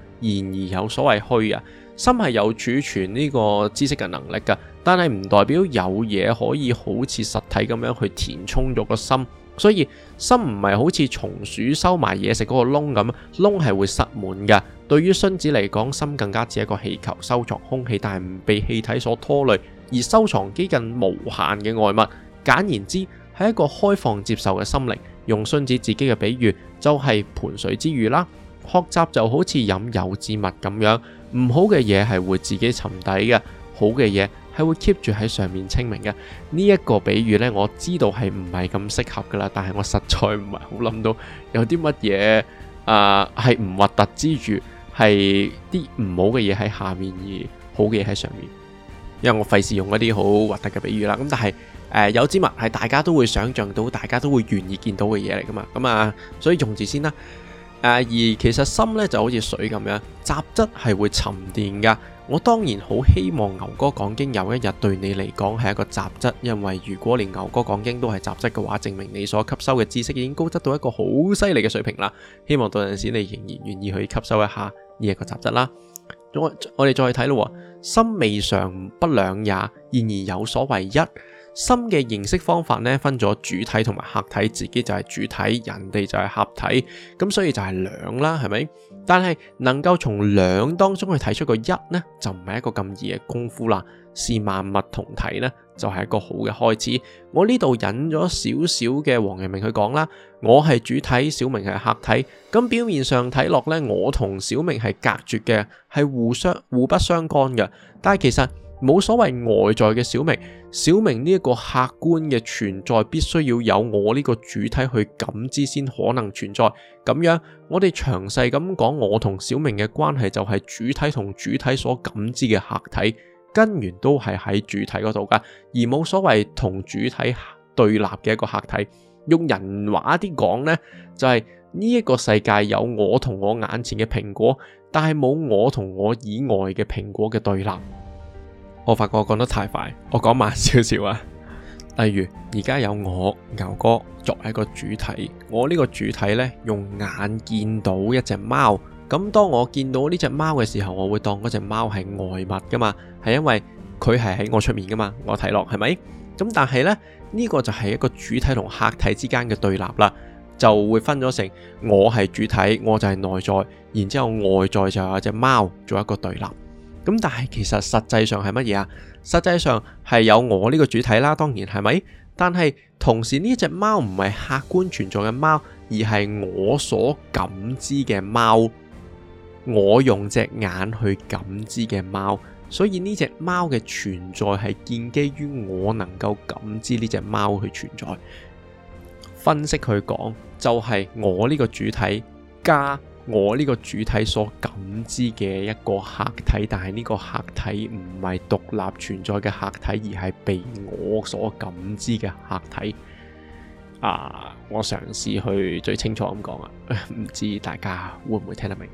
而有所謂虛啊。心係有儲存呢個知識嘅能力噶，但係唔代表有嘢可以好似實體咁樣去填充咗個心。所以心唔係好似松鼠收埋嘢食嗰個窿咁，窿係會塞滿噶對於荀子嚟講，心更加似一個氣球，收藏空氣，但係唔被氣體所拖累，而收藏幾近無限嘅外物。簡言之，係一個開放接受嘅心靈。用荀子自己嘅比喻，就係、是、盤水之喻啦。學習就好似飲柚子蜜咁樣，唔好嘅嘢係會自己沉底嘅，好嘅嘢係會 keep 住喺上面清明嘅。呢、這、一個比喻呢，我知道係唔係咁適合噶啦，但係我實在唔係好諗到有啲乜嘢啊係唔核突之餘，係啲唔好嘅嘢喺下面而好嘅嘢喺上面。因為我費事用一啲好核突嘅比喻啦，咁但係誒有支物係大家都會想象到，大家都會願意見到嘅嘢嚟噶嘛，咁啊所以用字先啦。誒而其實心咧就好似水咁樣，雜質係會沉澱噶。我當然好希望牛哥講經有一日對你嚟講係一個雜質，因為如果連牛哥講經都係雜質嘅話，證明你所吸收嘅知識已經高質到一個好犀利嘅水平啦。希望到陣時你仍然願意去吸收一下呢一個雜質啦。我我哋再去睇咯。心未嘗不兩也，然而有所謂一。心嘅認識方法咧，分咗主體同埋客體，自己就係主體，人哋就係客體，咁所以就係兩啦，係咪？但係能夠從兩當中去睇出個一呢，就唔係一個咁易嘅功夫啦。是萬物同體呢就係、是、一個好嘅開始。我呢度引咗少少嘅王陽明去講啦。我係主體，小明係客體。咁表面上睇落呢，我同小明係隔絕嘅，係互相互不相干嘅。但係其實冇所謂外在嘅小明，小明呢一個客觀嘅存在，必須要有我呢個主體去感知先可能存在。咁樣我哋詳細咁講，我同小明嘅關係就係主體同主體所感知嘅客體。根源都係喺主體嗰度㗎，而冇所謂同主體對立嘅一個客體。用人話啲講呢，就係呢一個世界有我同我眼前嘅蘋果，但係冇我同我以外嘅蘋果嘅對立。我發覺我講得太快，我講慢少少啊。例如而家有我牛哥作為一個主體，我呢個主體呢，用眼見到一隻貓。咁當我見到呢隻貓嘅時候，我會當嗰隻貓係外物噶嘛，係因為佢係喺我出面噶嘛，我睇落係咪？咁但係呢呢個就係一個主體同客體之間嘅對立啦，就會分咗成我係主體，我就係內在，然之後外在就有一隻貓做一個對立。咁但係其實實際上係乜嘢啊？實際上係有我呢個主體啦，當然係咪？但係同時呢隻貓唔係客觀存在嘅貓，而係我所感知嘅貓。我用隻眼去感知嘅貓，所以呢隻貓嘅存在係建基於我能夠感知呢隻貓去存在。分析佢講，就係我呢個主體加我呢個主體所感知嘅一個客體，但係呢個客體唔係獨立存在嘅客體，而係被我所感知嘅客體。啊，我嘗試去最清楚咁講啊，唔知大家會唔會聽得明？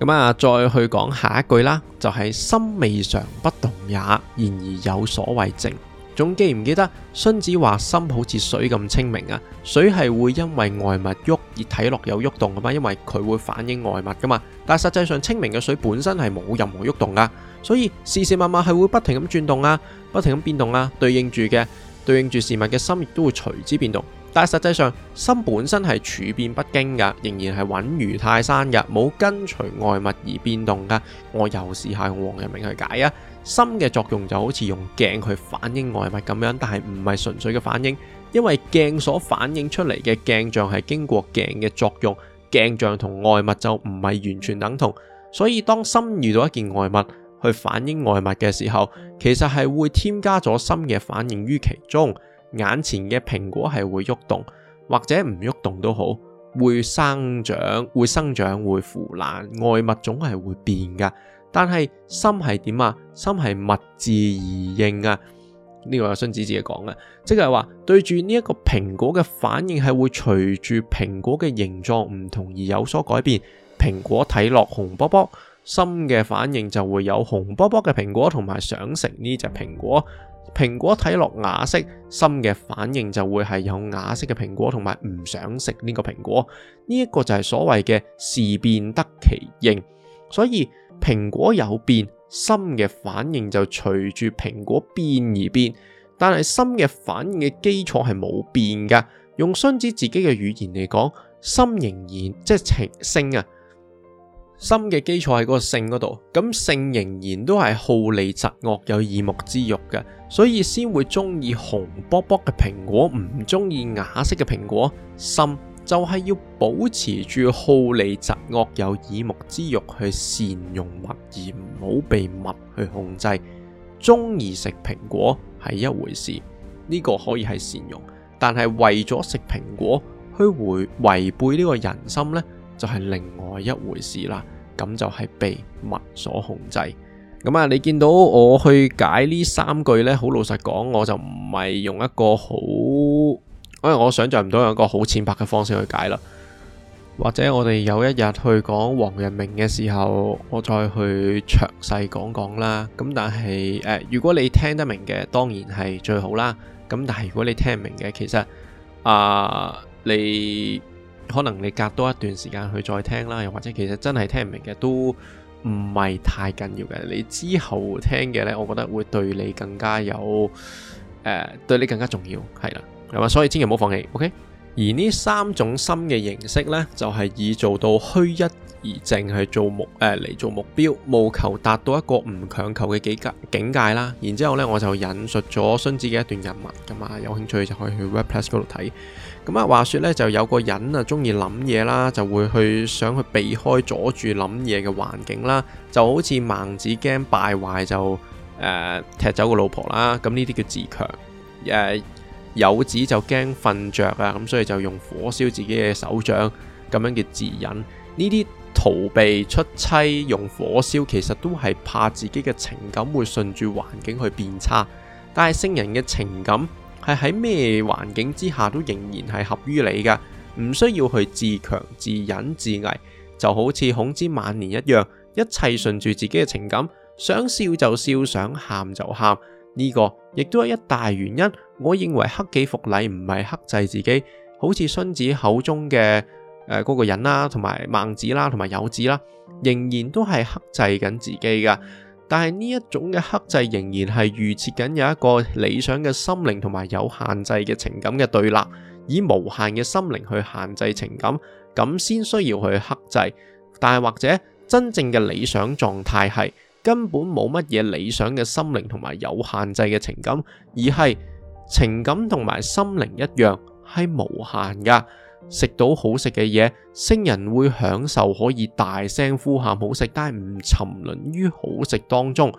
咁啊，再去講下一句啦，就係、是、心未嘗不動也，然而有所謂靜。總記唔記得荀子話心好似水咁清明啊？水係會因為外物喐而睇落有喐動噶嘛？因為佢會反映外物噶嘛？但係實際上清明嘅水本身係冇任何喐動噶所以事事物物係會不停咁轉動啊，不停咁變動啊，對應住嘅，對應住事物嘅心亦都會隨之變動。但係實際上，心本身係處變不驚噶仍然係穩如泰山噶冇跟隨外物而變動噶我又試下用王陽明去解啊，心嘅作用就好似用鏡去反映外物咁樣，但係唔係純粹嘅反應，因為鏡所反映出嚟嘅鏡像係經過鏡嘅作用，鏡像同外物就唔係完全等同，所以當心遇到一件外物去反映外物嘅時候，其實係會添加咗心嘅反應於其中。眼前嘅蘋果係會喐動，動，或者唔喐動都好，會生長、會生長、會腐爛，外物總係會變㗎。但係心係點啊？心係物至而應啊！呢、這個阿荀子自己講嘅，即係話對住呢一個蘋果嘅反應係會隨住蘋果嘅形狀唔同而有所改變。蘋果睇落紅卜卜，心嘅反應就會有紅卜卜嘅蘋果，同埋想食呢隻蘋果。蘋果睇落雅色，心嘅反應就會係有雅色嘅蘋果，同埋唔想食呢個蘋果。呢一個就係所謂嘅事變得其應，所以蘋果有變，心嘅反應就隨住蘋果變而變。但係心嘅反應嘅基礎係冇變噶。用荀子自己嘅語言嚟講，心仍然即係情性啊。心嘅基礎喺個性嗰度，咁性仍然都係好利疾惡有耳目之欲嘅，所以先會中意紅卜卜嘅蘋果，唔中意雅色嘅蘋果。心就係要保持住好利疾惡有耳目之欲去善用物，而唔好被物去控制。中意食蘋果係一回事，呢個可以係善用，但係為咗食蘋果去回違背呢個人心呢，就係另外一回事啦，咁就係被物所控制。咁啊，你見到我去解呢三句呢，好老實講，我就唔係用一個好，因為我想象唔到用一個好淺白嘅方式去解啦。或者我哋有一日去講王陽明嘅時候，我再去詳細講講啦。咁但係誒，如果你聽得明嘅，當然係最好啦。咁但係如果你聽唔明嘅，其實啊，你。可能你隔多一段時間去再聽啦，又或者其實真係聽唔明嘅都唔係太緊要嘅。你之後聽嘅咧，我覺得會對你更加有誒，對你更加重要係啦。咁啊，所以千祈唔好放棄，OK？而呢三種心嘅形式咧，就係以做到虛壹而靜去做目誒嚟做目標，務求達到一個唔強求嘅幾界境界啦。然之後咧，我就引述咗荀子嘅一段人物噶嘛，有興趣就可以去 WebPlus 嗰度睇。咁啊，話說咧，就有個人啊，中意諗嘢啦，就會去想去避開阻住諗嘢嘅環境啦，就好似孟子驚敗壞就誒、呃、踢走個老婆啦，咁呢啲叫自強；誒、呃，有子就驚瞓着啊，咁所以就用火燒自己嘅手掌，咁樣嘅自忍。呢啲逃避出妻用火燒，其實都係怕自己嘅情感會順住環境去變差，但係聖人嘅情感。係喺咩環境之下都仍然係合於你噶唔需要去自強自忍自危，就好似孔子晚年一樣，一切順住自己嘅情感，想笑就笑，想喊就喊，呢個亦都係一大原因。我認為克己復禮唔係克制自己，好似荀子口中嘅嗰個人啦，同埋孟子啦，同埋有子啦，仍然都係克制緊自己噶。但係呢一種嘅克制仍然係預設緊有一個理想嘅心靈同埋有限制嘅情感嘅對立，以無限嘅心靈去限制情感，咁先需要去克制。但係或者真正嘅理想狀態係根本冇乜嘢理想嘅心靈同埋有限制嘅情感，而係情感同埋心靈一樣係無限噶。食到好食嘅嘢，聖人會享受可以大聲呼喊好食，但係唔沉淪於好食當中。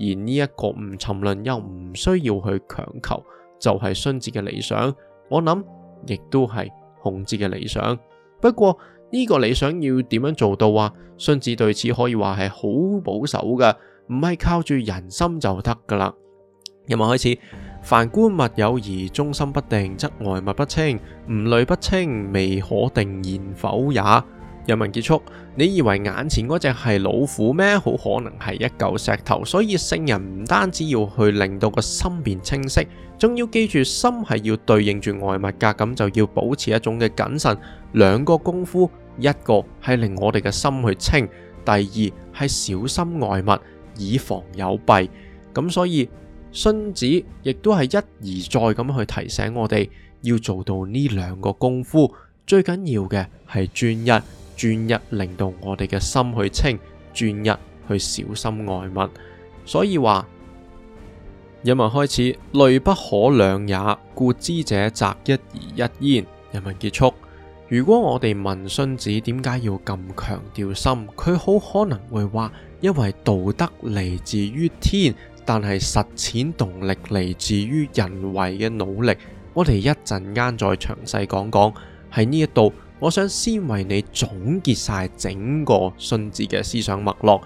而呢一個唔沉淪又唔需要去強求，就係、是、荀子嘅理想。我諗亦都係孔子嘅理想。不過呢、這個理想要點樣做到啊？荀子對此可以話係好保守噶，唔係靠住人心就得噶啦。有冇開始？凡觀物有疑，中心不定，則外物不清，吾慮不清，未可定然否也。一文結束。你以為眼前嗰隻係老虎咩？好可能係一嚿石頭，所以聖人唔單止要去令到個心變清晰，仲要記住心係要對應住外物㗎，咁就要保持一種嘅謹慎，兩個功夫，一個係令我哋嘅心去清，第二係小心外物，以防有弊，咁所以荀子亦都係一而再咁去提醒我哋要做到呢兩個功夫，最緊要嘅係專一，專一令到我哋嘅心去清，專一去小心外物。所以話引文開始，類不可兩也，故知者擇一而一焉。引文結束。如果我哋問荀子點解要咁強調心，佢好可能會話，因為道德嚟自於天。但係實踐動力嚟自於人為嘅努力，我哋一陣間再詳細講講。喺呢一度，我想先為你總結晒整個荀子嘅思想脈絡。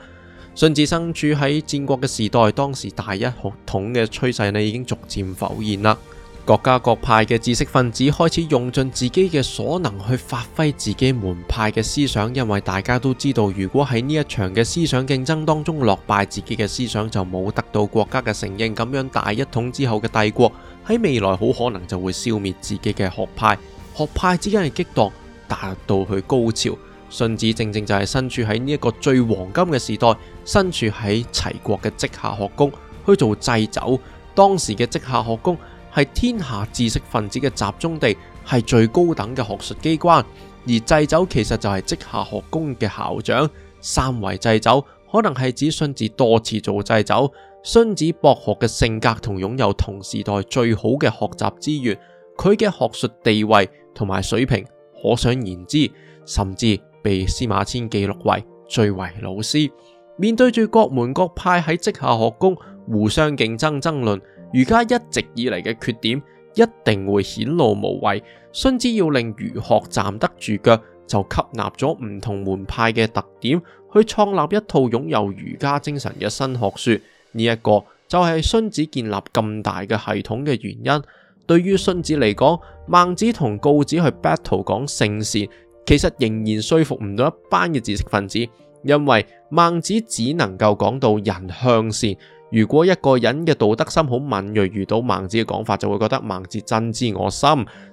荀子生處喺戰國嘅時代，當時大一統嘅趨勢呢已經逐漸浮現啦。各家各派嘅知識分子開始用盡自己嘅所能去發揮自己門派嘅思想，因為大家都知道，如果喺呢一場嘅思想競爭當中落敗，自己嘅思想就冇得到國家嘅承認，咁樣大一統之後嘅帝國喺未來好可能就會消滅自己嘅學派。學派之間嘅激盪達到去高潮，荀子正正就係身處喺呢一個最黃金嘅時代，身處喺齊國嘅稷下學宮去做祭酒，當時嘅稷下學宮，係天下知識分子嘅集中地，係最高等嘅學術機關。而祭酒其實就係稷下學宮嘅校長。三為祭酒，可能係指荀子多次做祭酒。荀子博學嘅性格同擁有同時代最好嘅學習資源，佢嘅學術地位同埋水平，可想而知，甚至被司馬遷記錄為最為老師。面對住各門各派喺稷下學宮互相競爭爭論。儒家一直以嚟嘅缺點一定會顯露無遺，荀子要令儒學站得住腳，就吸納咗唔同門派嘅特點，去創立一套擁有儒家精神嘅新學說。呢、這、一個就係荀子建立咁大嘅系統嘅原因。對於荀子嚟講，孟子同告子去 battle 講性善，其實仍然說服唔到一班嘅知識分子，因為孟子只能夠講到人向善。如果一個人嘅道德心好敏銳，遇到孟子嘅講法，就會覺得孟子真知我心。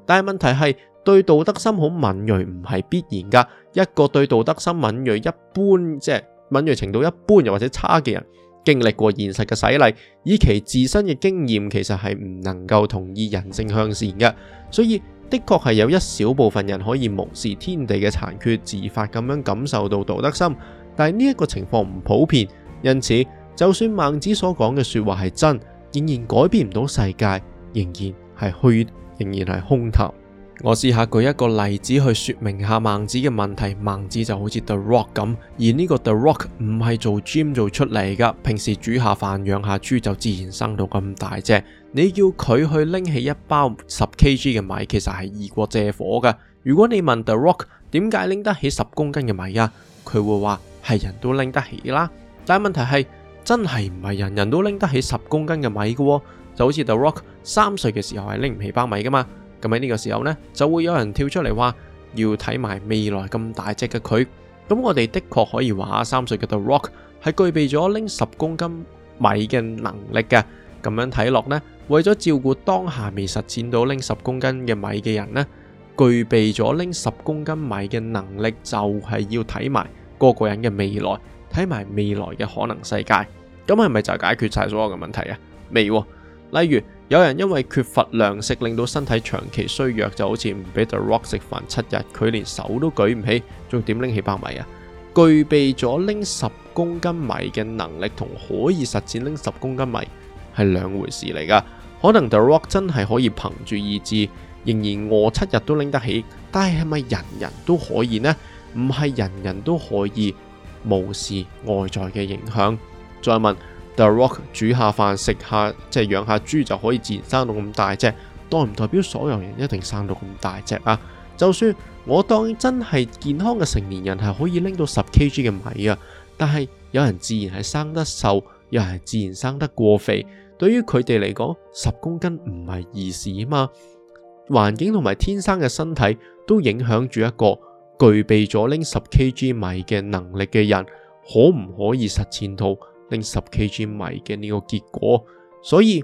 但係問題係，對道德心好敏銳唔係必然噶。一個對道德心敏銳一般，即係敏銳程度一般又或者差嘅人，經歷過現實嘅洗禮，以其自身嘅經驗，其實係唔能夠同意人性向善嘅。所以的確係有一小部分人可以無視天地嘅殘缺，自發咁樣感受到道德心，但係呢一個情況唔普遍，因此。就算孟子所講嘅說話係真，仍然改變唔到世界，仍然係虛，仍然係空談。我試下舉一個例子去說明下孟子嘅問題。孟子就好似 The Rock 咁，而呢個 The Rock 唔係做 gym 做出嚟噶，平時煮下飯、養下豬就自然生到咁大隻。你叫佢去拎起一包十 kg 嘅米，其實係易過借火噶。如果你問 The Rock 點解拎得起十公斤嘅米啊，佢會話係人都拎得起啦。但係問題係。真係唔係人人都拎得起十公斤嘅米噶喎，就好似 The Rock 三歲嘅時候係拎唔起包米噶嘛。咁喺呢個時候呢，就會有人跳出嚟話要睇埋未來咁大隻嘅佢。咁我哋的確可以話，三歲嘅 The Rock 係具備咗拎十公斤米嘅能力嘅。咁樣睇落呢，為咗照顧當下未實踐到拎十公斤嘅米嘅人呢，具備咗拎十公斤米嘅能力，就係要睇埋個個人嘅未來，睇埋未來嘅可能世界。咁係咪就解決晒所有嘅問題啊？未喎，例如有人因為缺乏糧食，令到身體長期衰弱，就好似唔俾 The Rock 食飯七日，佢連手都舉唔起，仲點拎起百米啊？具備咗拎十公斤米嘅能力，同可以實踐拎十公斤米係兩回事嚟噶。可能 The Rock 真係可以憑住意志，仍然餓七日都拎得起，但係係咪人人都可以呢？唔係人人都可以無視外在嘅影響。再問，The Rock 煮下飯食下，即係養下豬就可以自然生到咁大隻，代唔代表所有人一定生到咁大隻啊？就算我當真係健康嘅成年人係可以拎到十 kg 嘅米啊，但係有人自然係生得瘦，有人自然生得過肥，對於佢哋嚟講，十公斤唔係易事啊嘛。環境同埋天生嘅身體都影響住一個具備咗拎十 kg 米嘅能力嘅人，可唔可以實踐到？拎十 kg 米嘅呢個結果，所以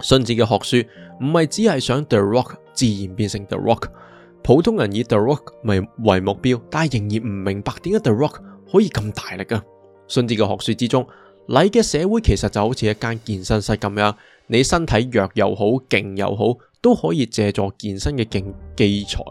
荀子嘅學說唔係只係想 The Rock 自然變成 The Rock，普通人以 The Rock 為為目標，但係仍然唔明白點解 The Rock 可以咁大力啊！荀子嘅學說之中，禮嘅社會其實就好似一間健身室咁樣，你身體弱又好，勁又好，都可以借助健身嘅勁器材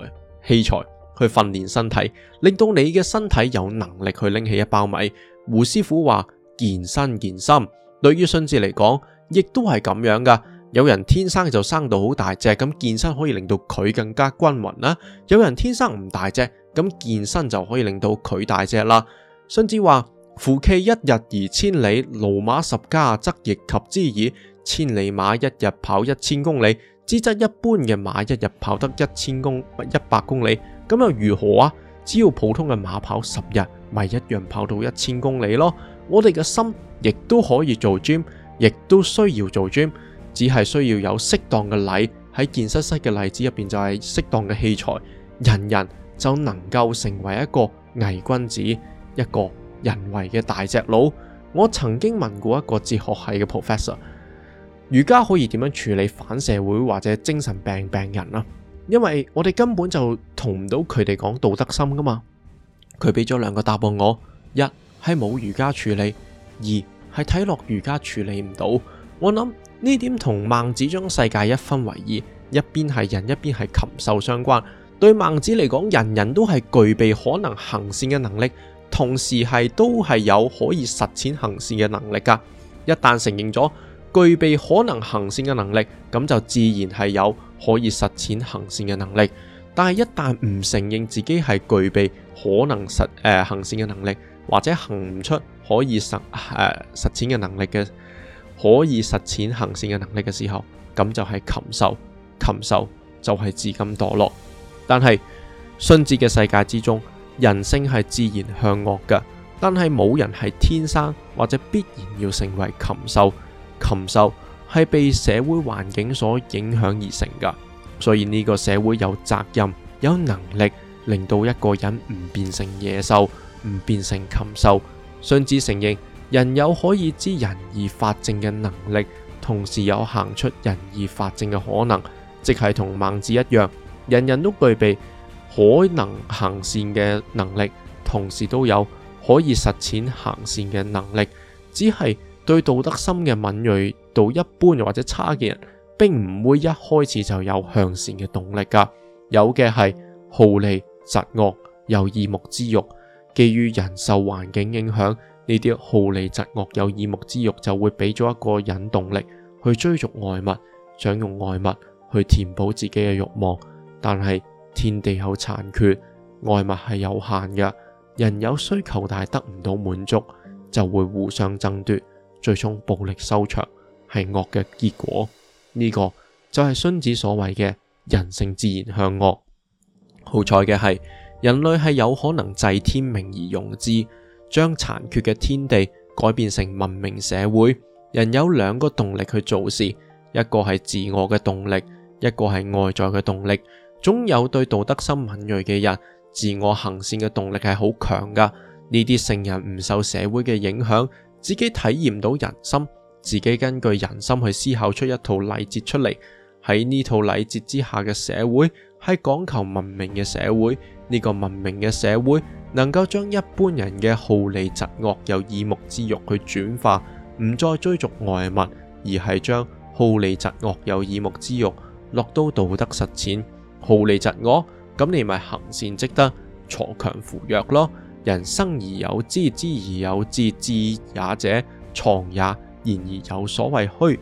器材去訓練身體，令到你嘅身體有能力去拎起一包米。胡師傅話。健身健身，對於荀子嚟講，亦都係咁樣噶。有人天生就生到好大隻，咁健身可以令到佢更加均匀啦。有人天生唔大隻，咁健身就可以令到佢大隻啦。荀子話：夫驥一日而千里，駑馬十駕則亦及之矣。千里馬一日跑一千公里，資質一般嘅馬一日跑得一千公、一百公里，咁又如何啊？只要普通嘅馬跑十日，咪一樣跑到一千公里咯。我哋嘅心亦都可以做 gym，亦都需要做 gym，只係需要有適當嘅禮。喺健身室嘅例子入邊就係適當嘅器材，人人就能夠成為一個偽君子，一個人為嘅大隻佬。我曾經問過一個哲學系嘅 professor，儒家可以點樣處理反社會或者精神病病人啊？因為我哋根本就同唔到佢哋講道德心噶嘛。佢俾咗兩個答案我一。係冇儒家處理，而係睇落儒家處理唔到。我諗呢點同孟子將世界一分為二，一邊係人，一邊係禽獸相關。對孟子嚟講，人人都係具備可能行善嘅能力，同時係都係有可以實踐行善嘅能力㗎。一旦承認咗具備可能行善嘅能力，咁就自然係有可以實踐行善嘅能力。但係一旦唔承認自己係具備可能實誒、呃、行善嘅能力。或者行唔出可以實誒、呃、實踐嘅能力嘅，可以實踐行善嘅能力嘅時候，咁就係禽獸，禽獸就係自甘墮落。但係荀子嘅世界之中，人性係自然向惡嘅，但係冇人係天生或者必然要成為禽獸，禽獸係被社會環境所影響而成嘅。所以呢個社會有責任有能力令到一個人唔變成野獸。唔變成禽獸，荀子承認人有可以知仁義法正嘅能力，同時有行出仁義法正嘅可能，即係同孟子一樣，人人都具備可能行善嘅能力，同時都有可以實踐行善嘅能力。只係對道德心嘅敏銳度一般又或者差嘅人，並唔會一開始就有向善嘅動力噶。有嘅係好利疾惡，有耳目之欲。基於人受環境影響，呢啲好利疾惡有耳目之欲，就會俾咗一個引動力去追逐外物，想用外物去填補自己嘅慾望。但係天地有殘缺，外物係有限噶，人有需求但係得唔到滿足，就會互相爭奪，最終暴力收場，係惡嘅結果。呢、這個就係荀子所謂嘅人性自然向惡。好彩嘅係，人類係有可能制天命而用之，將殘缺嘅天地改變成文明社會。人有兩個動力去做事，一個係自我嘅動力，一個係外在嘅動力。總有對道德心敏銳嘅人，自我行善嘅動力係好強噶。呢啲聖人唔受社會嘅影響，自己體驗到人心，自己根據人心去思考出一套禮節出嚟，喺呢套禮節之下嘅社會喺講求文明嘅社會，呢、這個文明嘅社會能夠將一般人嘅好利疾惡有耳目之欲去轉化，唔再追逐外物，而係將好利疾惡有耳目之欲落到道德實踐。好利疾惡，咁你咪行善積德，鋤強扶弱咯。人生而有知，知而有智，智也者，藏也，然而有所謂虛。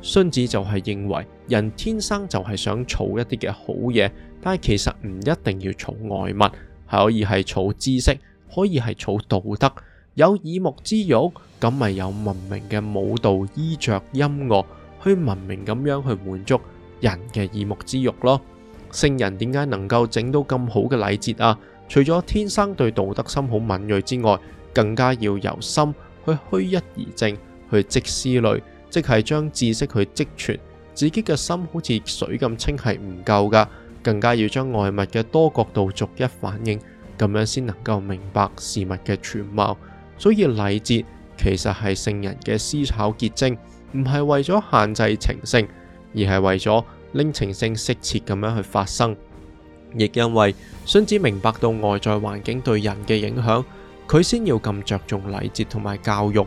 荀子就係認為。人天生就係想儲一啲嘅好嘢，但係其實唔一定要儲外物，可以係儲知識，可以係儲道德。有耳目之欲，咁咪有文明嘅舞蹈、衣着、音樂，去文明咁樣去滿足人嘅耳目之欲咯。聖人點解能夠整到咁好嘅禮節啊？除咗天生對道德心好敏銳之外，更加要由心去虛一而靜，去積思慮，即係將知識去積存。自己嘅心好似水咁清，係唔夠噶，更加要將外物嘅多角度逐一反應，咁樣先能夠明白事物嘅全貌。所以禮節其實係聖人嘅思考結晶，唔係為咗限制情性，而係為咗令情性適切咁樣去發生。亦因為荀子明白到外在環境對人嘅影響，佢先要咁着重禮節同埋教育，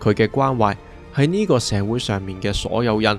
佢嘅關懷喺呢個社會上面嘅所有人。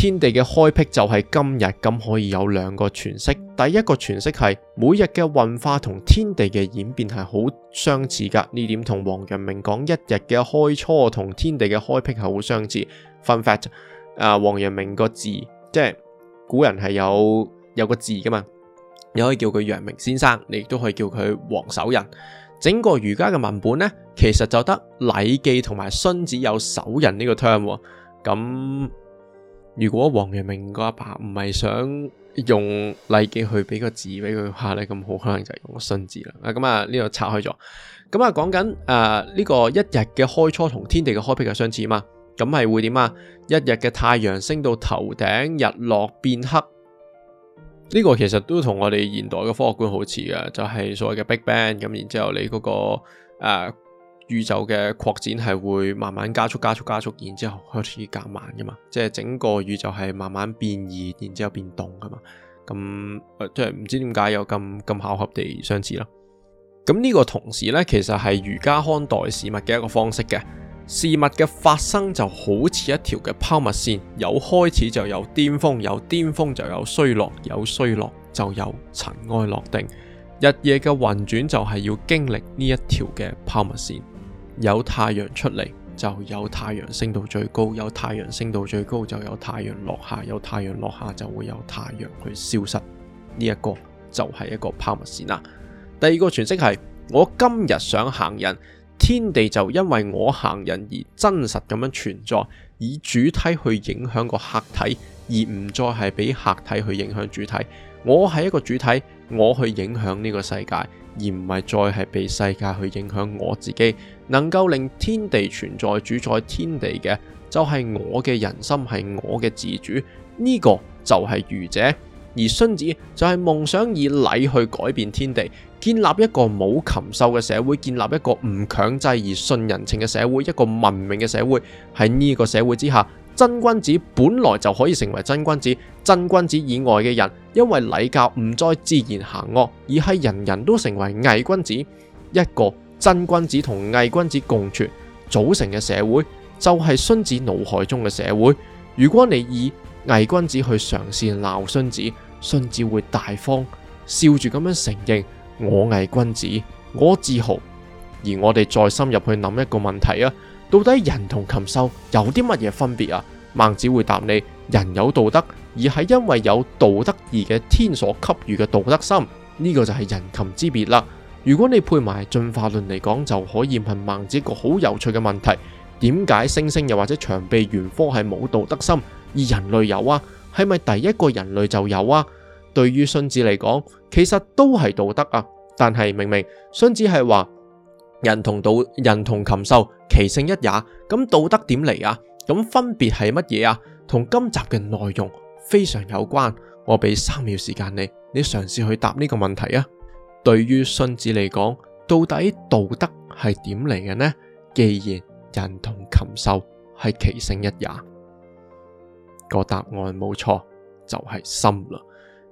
天地嘅開辟就係今日咁可以有兩個詮釋，第一個詮釋係每日嘅運化同天地嘅演變係好相似噶，呢點同王陽明講一日嘅開初同天地嘅開辟係好相似。Fun fact，啊，王陽明個字即係古人係有有個字噶嘛，你可以叫佢陽明先生，你亦都可以叫佢王守仁。整個儒家嘅文本呢，其實就得《禮記》同埋《荀子》有守仁呢個 term，咁。如果王陽明個阿爸唔係想用禮記去畀個字俾佢話咧，咁好，可能就係用個新字啦。啊咁啊，呢度拆開咗。咁啊，講緊誒呢個一日嘅開初同天地嘅開闢係相似啊嘛。咁係會點啊？一日嘅太陽升到頭頂，日落變黑。呢、這個其實都同我哋現代嘅科學觀好似嘅，就係、是、所謂嘅 Big Bang 咁，然之後你嗰、那個誒。呃宇宙嘅擴展係會慢慢加速、加速、加速，然之後開始減慢噶嘛。即係整個宇宙係慢慢變異，然之後變動噶嘛。咁、呃、即係唔知點解有咁咁巧合地相似啦。咁呢個同時呢，其實係儒家看待事物嘅一個方式嘅。事物嘅發生就好似一條嘅拋物線，有開始就有巔峰，有巔峰就有衰落，有衰落就有塵埃落定。日夜嘅運轉就係要經歷呢一條嘅拋物線。有太陽出嚟就有太陽升到最高，有太陽升到最高就有太陽落下，下，有太陽落下，下就會有太陽去消失。呢、這個、一個就係一個拋物線啦。第二個詮釋係我今日想行人，天地就因為我行人而真實咁樣存在，以主體去影響個客體，而唔再係俾客體去影響主體。我係一個主體，我去影響呢個世界。而唔係再係被世界去影響我自己，能夠令天地存在，主宰天地嘅，就係、是、我嘅人心係我嘅自主，呢、這個就係儒者。而荀子就係夢想以禮去改變天地，建立一個冇禽獸嘅社會，建立一個唔強制而順人情嘅社會，一個文明嘅社會。喺呢個社會之下。真君子本來就可以成為真君子，真君子以外嘅人，因為禮教唔再自然行惡，而係人人都成為偽君子。一個真君子同偽君子共存組成嘅社會，就係荀子腦海中嘅社會。如果你以偽君子去嘗試鬧荀子，荀子會大方笑住咁樣承認，我偽君子，我自豪。而我哋再深入去諗一個問題啊。到底人同禽獸有啲乜嘢分別啊？孟子會答你：人有道德，而係因為有道德而嘅天所給予嘅道德心，呢、這個就係人禽之別啦。如果你配埋進化論嚟講，就可以問孟子一個好有趣嘅問題：點解猩猩又或者長臂猿科係冇道德心，而人類有啊？係咪第一個人類就有啊？對於荀子嚟講，其實都係道德啊，但係明明荀子係話。人同道，人同禽獸，其性一也。咁道德點嚟啊？咁分別係乜嘢啊？同今集嘅內容非常有關。我俾三秒時間你，你嘗試去答呢個問題啊。對於荀子嚟講，到底道德係點嚟嘅呢？既然人同禽獸係其性一也，個答案冇錯，就係心啦。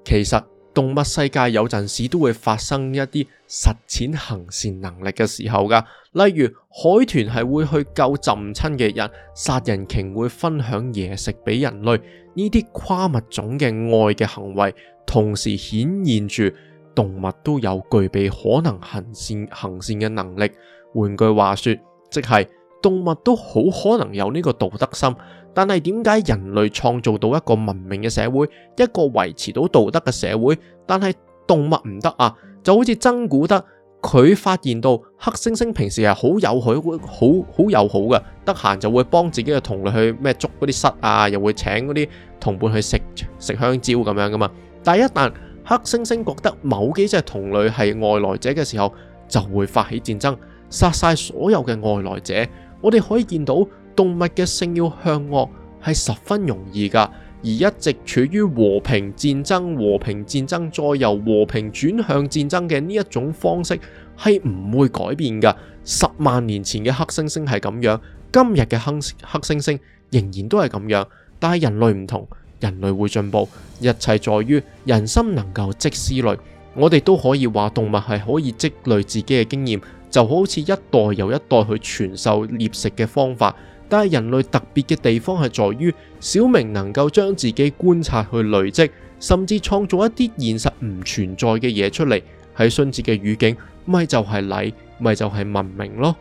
其實。動物世界有陣時都會發生一啲實踐行善能力嘅時候㗎，例如海豚係會去救浸親嘅人，殺人鯨會分享嘢食俾人類，呢啲跨物種嘅愛嘅行為，同時顯現住動物都有具備可能行善行善嘅能力。換句話說，即係動物都好可能有呢個道德心。但係點解人類創造到一個文明嘅社會，一個維持到道德嘅社會，但係動物唔得啊？就好似珍古德，佢發現到黑猩猩平時係好友好，好好友好噶，得閒就會幫自己嘅同類去咩捉嗰啲虱啊，又會請嗰啲同伴去食食香蕉咁樣噶嘛。但係一旦黑猩猩覺得某幾隻同類係外來者嘅時候，就會發起戰爭，殺晒所有嘅外來者。我哋可以見到。動物嘅性要向惡係十分容易噶，而一直處於和平戰爭、和平戰爭再由和平轉向戰爭嘅呢一種方式係唔會改變噶。十萬年前嘅黑猩猩係咁樣，今日嘅黑黑猩猩仍然都係咁樣，但係人類唔同，人類會進步，一切在於人心能夠積思慮。我哋都可以話動物係可以積累自己嘅經驗，就好似一代又一代去傳授獵食嘅方法。但係人類特別嘅地方係在於，小明能夠將自己觀察去累積，甚至創造一啲現實唔存在嘅嘢出嚟。喺荀子嘅語境，咪就係禮，咪就係文明咯。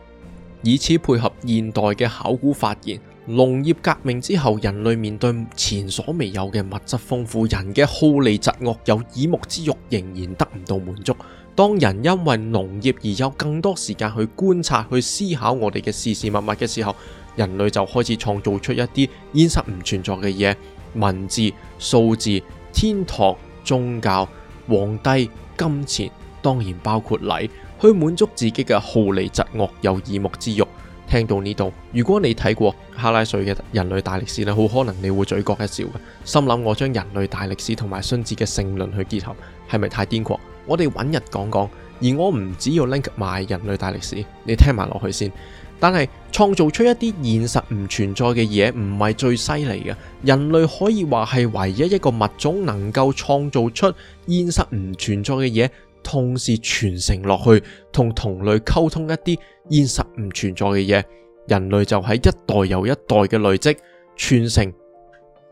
以此配合現代嘅考古發現，農業革命之後，人類面對前所未有嘅物質豐富，人嘅好利疾惡有耳目之欲，仍然得唔到滿足。當人因為農業而有更多時間去觀察、去思考我哋嘅事事物物嘅時候，人類就開始創造出一啲現實唔存在嘅嘢，文字、數字、天堂、宗教、皇帝、金錢，當然包括禮，去滿足自己嘅好利疾惡有耳目之欲。聽到呢度，如果你睇過哈拉瑞嘅《人類大歷史》，咧好可能你會嘴角一笑嘅，心諗我將人類大歷史同埋荀子嘅性論去結合，係咪太癲狂？我哋揾日講講，而我唔只要 link 埋《人類大歷史》，你聽埋落去先。但係創造出一啲現實唔存在嘅嘢，唔係最犀利嘅。人類可以話係唯一一個物種能夠創造出現實唔存在嘅嘢，同時傳承落去，同同類溝通一啲現實唔存在嘅嘢。人類就喺一代又一代嘅累積、傳承、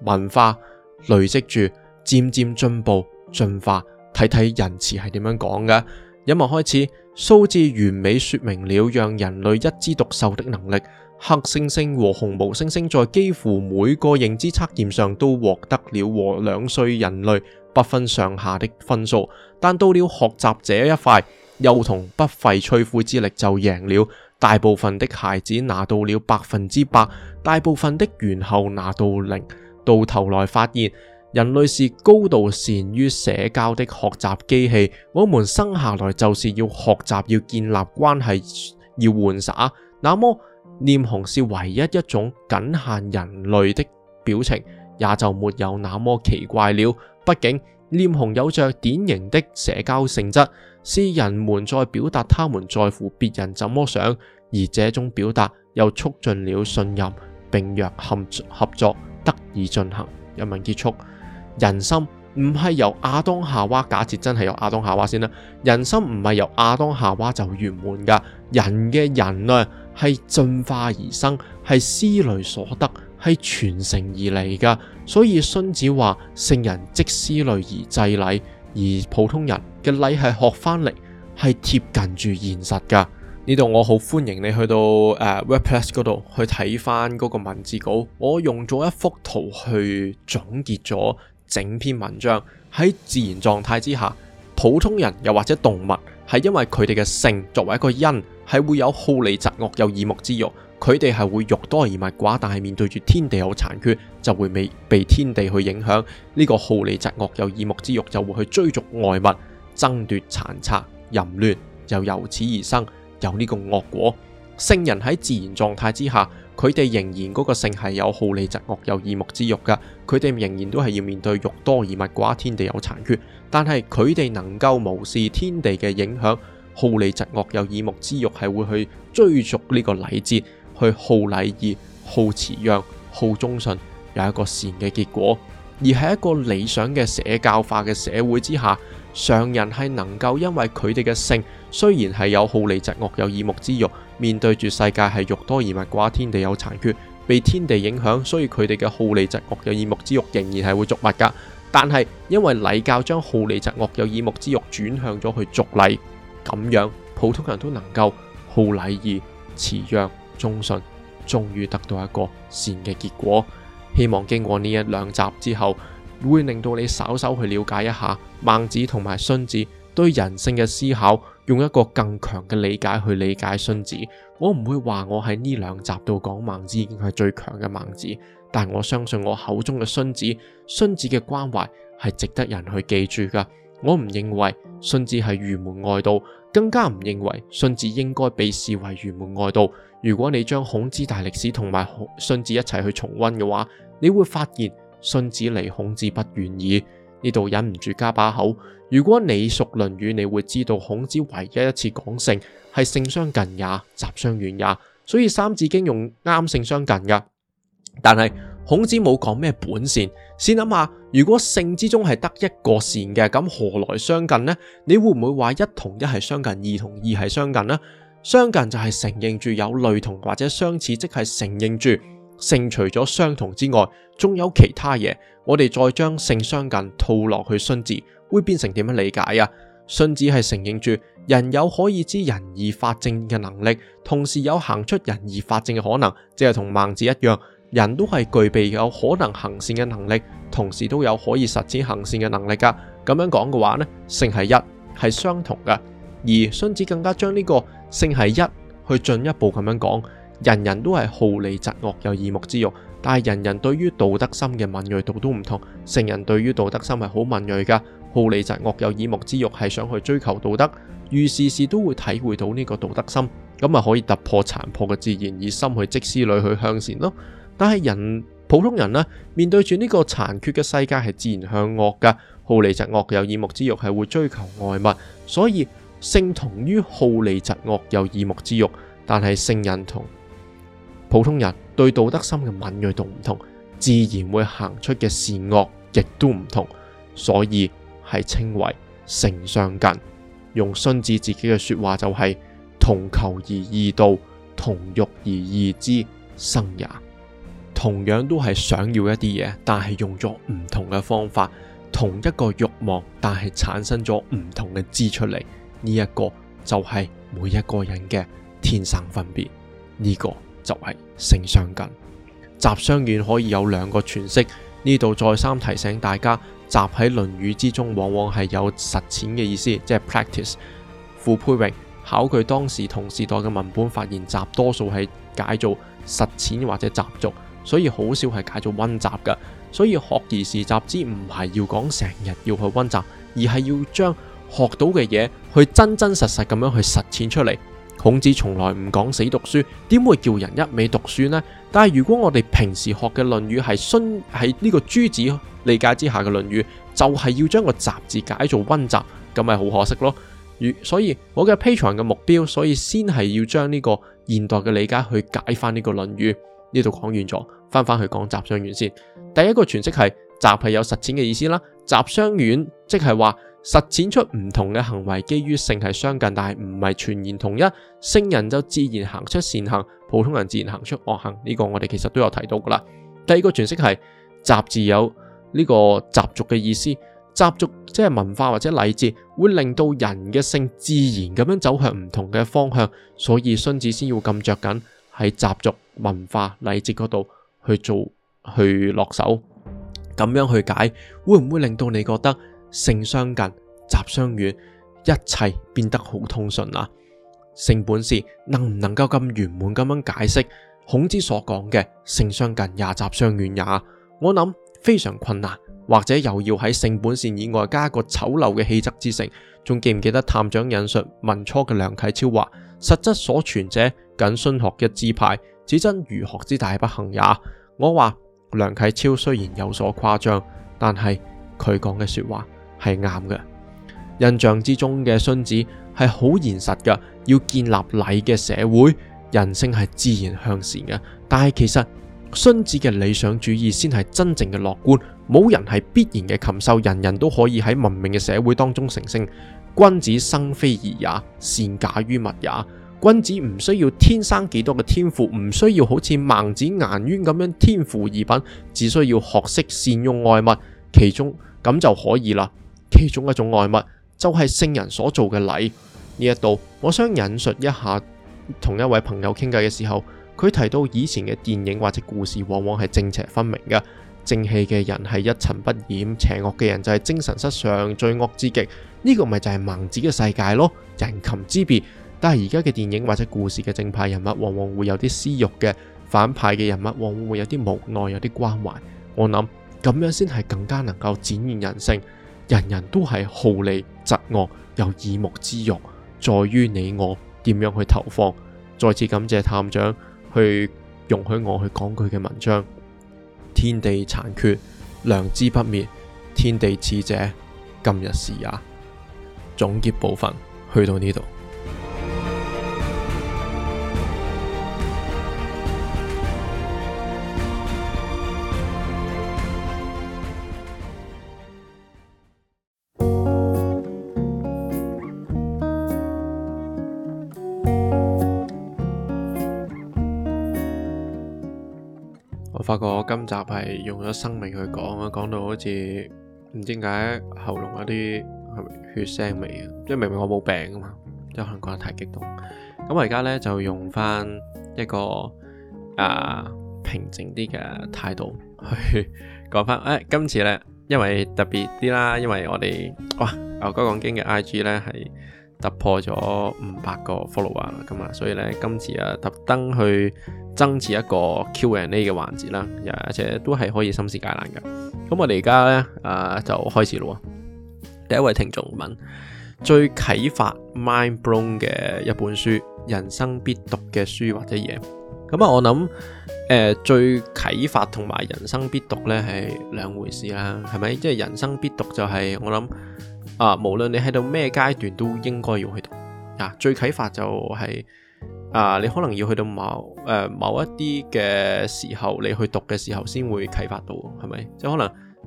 文化累積住，漸漸進步進化。睇睇人慈係點樣講噶，音樂開始。數字完美說明了讓人類一枝獨秀的能力。黑猩猩和紅毛猩猩在幾乎每個認知測驗上都獲得了和兩歲人類不分上下的分數，但到了學習這一塊，幼童不費吹灰之力就贏了。大部分的孩子拿到了百分之百，大部分的猿猴拿到零。到頭來發現。人類是高度善於社交的學習機器，我們生下來就是要學習、要建立關係、要玩耍。那麼臉紅是唯一一種僅限人類的表情，也就沒有那麼奇怪了。畢竟臉紅有着典型的社交性質，是人們在表達他們在乎別人怎麼想，而這種表達又促進了信任並約合作得以進行。人民結束。人心唔係由亞當夏娃，假設真係由亞當夏娃先啦，人心唔係由亞當夏娃就圓滿噶。人嘅人啊係進化而生，係思慮所得，係傳承而嚟噶。所以荀子話聖人積思慮而祭禮，而普通人嘅禮係學翻嚟，係貼近住現實噶。呢度我好歡迎你去到誒 WebPlus 嗰度去睇翻嗰個文字稿，我用咗一幅圖去總結咗。整篇文章，喺自然狀態之下，普通人又或者動物，係因為佢哋嘅性，作為一個因，係會有好利疾惡有耳目之欲，佢哋係會欲多而物寡，但係面對住天地有殘缺，就會未被天地去影響，呢、這個好利疾惡有耳目之欲，就會去追逐外物，爭奪殘賊淫亂，又由此而生有呢個惡果。聖人喺自然狀態之下。佢哋仍然嗰個性係有好利疾惡有耳目之欲噶，佢哋仍然都係要面對欲多而物寡，天地有殘缺。但係佢哋能夠無視天地嘅影響，好利疾惡有耳目之欲係會去追逐呢個禮節，去好禮儀、好辭讓、好忠信，有一個善嘅結果，而喺一個理想嘅社交化嘅社會之下，常人係能夠因為佢哋嘅性。雖然係有好利疾惡有耳目之欲，面對住世界係欲多而物寡，天地有殘缺，被天地影響，所以佢哋嘅好利疾惡有耳目之欲仍然係會逐物㗎。但係因為禮教將好利疾惡有耳目之欲轉向咗去逐禮，咁樣普通人都能夠好禮義、慈讓、忠信，終於得到一個善嘅結果。希望經過呢一兩集之後，會令到你稍稍去了解一下孟子同埋荀子對人性嘅思考。用一個更強嘅理解去理解荀子，我唔會話我喺呢兩集度講孟子已經係最強嘅孟子，但我相信我口中嘅荀子，荀子嘅關懷係值得人去記住噶我唔認為荀子係儒門外道，更加唔認為荀子應該被視為儒門外道。如果你將孔子大歷史同埋荀子一齊去重溫嘅話，你會發現荀子離孔子不遠矣。呢度忍唔住加把口。如果你熟《論語》，你會知道孔子唯一一次講性，係性相近也，習相遠也。所以《三字經》用啱性相近㗎。但係孔子冇講咩本善。先諗下，如果性之中係得一個善嘅，咁何來相近呢？你會唔會話一同一係相近，二同二係相近呢？相近就係承認住有類同或者相似，即係承認住。性除咗相同之外，仲有其他嘢。我哋再將性相近套落去荀子，會變成點樣理解啊？荀子係承認住人有可以知人而法正嘅能力，同時有行出人而法正嘅可能，即係同孟子一樣，人都係具備有可能行善嘅能力，同時都有可以實踐行善嘅能力噶。咁樣講嘅話呢？性係一，係相同噶，而荀子更加將呢、這個性係一去進一步咁樣講。人人都係好利疾惡有耳目之欲，但係人人對於道德心嘅敏銳度都唔同。聖人對於道德心係好敏銳噶，好利疾惡有耳目之欲係想去追求道德，遇事事都會體會到呢個道德心，咁咪可以突破殘破嘅自然以心去積思慮去向善咯。但係人普通人呢，面對住呢個殘缺嘅世界係自然向惡噶，好利疾惡有耳目之欲係會追求外物，所以聖同於好利疾惡有耳目之欲，但係聖人同。普通人對道德心嘅敏銳度唔同，自然會行出嘅善惡亦都唔同，所以係稱為性相近。用荀子自己嘅說話就係、是、同求而異道，同欲而異知生也。同樣都係想要一啲嘢，但係用咗唔同嘅方法，同一個欲望，但係產生咗唔同嘅知出嚟。呢、這、一個就係每一個人嘅天生分別。呢、這個。就係性相近，習相遠，可以有兩個詮釋。呢度再三提醒大家習喺《論語》之中，往往係有實踐嘅意思，即係 practice。傅佩榮考據當時同時代嘅文本，發現習多數係解做實踐或者習俗，所以好少係解做溫習嘅。所以學而時習之，唔係要講成日要去溫習，而係要將學到嘅嘢去真真實實咁樣去實踐出嚟。孔子從來唔講死讀書，點會叫人一味讀書呢？但係如果我哋平時學嘅《論語》係孫喺呢個朱子理解之下嘅《論語》，就係、是、要將個習字解做溫習，咁咪好可惜咯。如所以，我嘅 Patreon 嘅目標，所以先係要將呢個現代嘅理解去解翻呢個《論語》。呢度講完咗，翻翻去講習相遠先。第一個詮釋係習係有實踐嘅意思啦，習相遠即，即係話。實踐出唔同嘅行為，基於性係相近，但係唔係全然同一。聖人就自然行出善行，普通人自然行出惡行。呢個我哋其實都有提到噶啦。第二個詮釋係，習字有呢個習俗嘅意思，習俗即係文化或者禮節，會令到人嘅性自然咁樣走向唔同嘅方向。所以荀子先要咁着緊喺習俗、文化、禮節嗰度去做去落手，咁樣去解，會唔會令到你覺得？性相近，習相遠，一切變得好通順啦、啊。性本善能唔能夠咁圓滿咁樣解釋孔子所講嘅性相近也，習相遠也？我諗非常困難，或者又要喺性本善以外加個醜陋嘅氣質之性。仲記唔記得探長引述文初嘅梁啟超話：實質所存者僅荀學一支派，此真儒學之大不幸也。我話梁啟超雖然有所誇張，但係佢講嘅說話。係啱嘅，印象之中嘅荀子係好現實噶要建立禮嘅社會，人性係自然向善嘅。但係其實荀子嘅理想主義先係真正嘅樂觀，冇人係必然嘅禽獸，人人都可以喺文明嘅社會當中成聖。君子生非異也，善假於物也。君子唔需要天生幾多嘅天賦，唔需要好似孟子顏淵咁樣天賦異稟，只需要學識善用外物，其中咁就可以啦。其中一種外物就係、是、聖人所做嘅禮呢一度，我想引述一下，同一位朋友傾偈嘅時候，佢提到以前嘅電影或者故事往往係正邪分明嘅，正氣嘅人係一塵不染，邪惡嘅人就係精神失常、罪惡之極。呢、這個咪就係孟子嘅世界咯，人禽之別。但係而家嘅電影或者故事嘅正派人物往往會有啲私欲嘅反派嘅人物，往往會有啲無奈、有啲關懷。我諗咁樣先係更加能夠展現人性。人人都係好利疾惡，有耳目之欲，在於你我點樣去投放。再次感謝探長去容許我去講佢嘅文章。天地殘缺，良知不滅。天地始者，今日是也。總結部分去到呢度。集係用咗生命去講啊，講到好似唔知點解喉嚨有啲血腥味啊，即係明明我冇病啊嘛，即係可能講得太激動。咁、嗯、我而家咧就用翻一個啊平靜啲嘅態度去講翻。誒、哎，今次咧因為特別啲啦，因為我哋哇牛哥講經嘅 I G 咧係。突破咗五百個 follower 啦，咁啊，所以咧今次啊特登去增設一個 Q&A 嘅環節啦，而且都係可以心事解難噶。咁我哋而家咧啊就開始咯喎。第一位聽眾問：最啟發 mind blown 嘅一本書，人生必讀嘅書或者嘢？咁、嗯、啊，我諗誒、呃、最啟發同埋人生必讀咧係兩回事啦，係咪？即係人生必讀就係、是、我諗。啊，無論你喺到咩階段都應該要去讀。啊，最啟發就係、是、啊，你可能要去到某誒、呃、某一啲嘅時候，你去讀嘅時候先會啟發到，係咪？即係可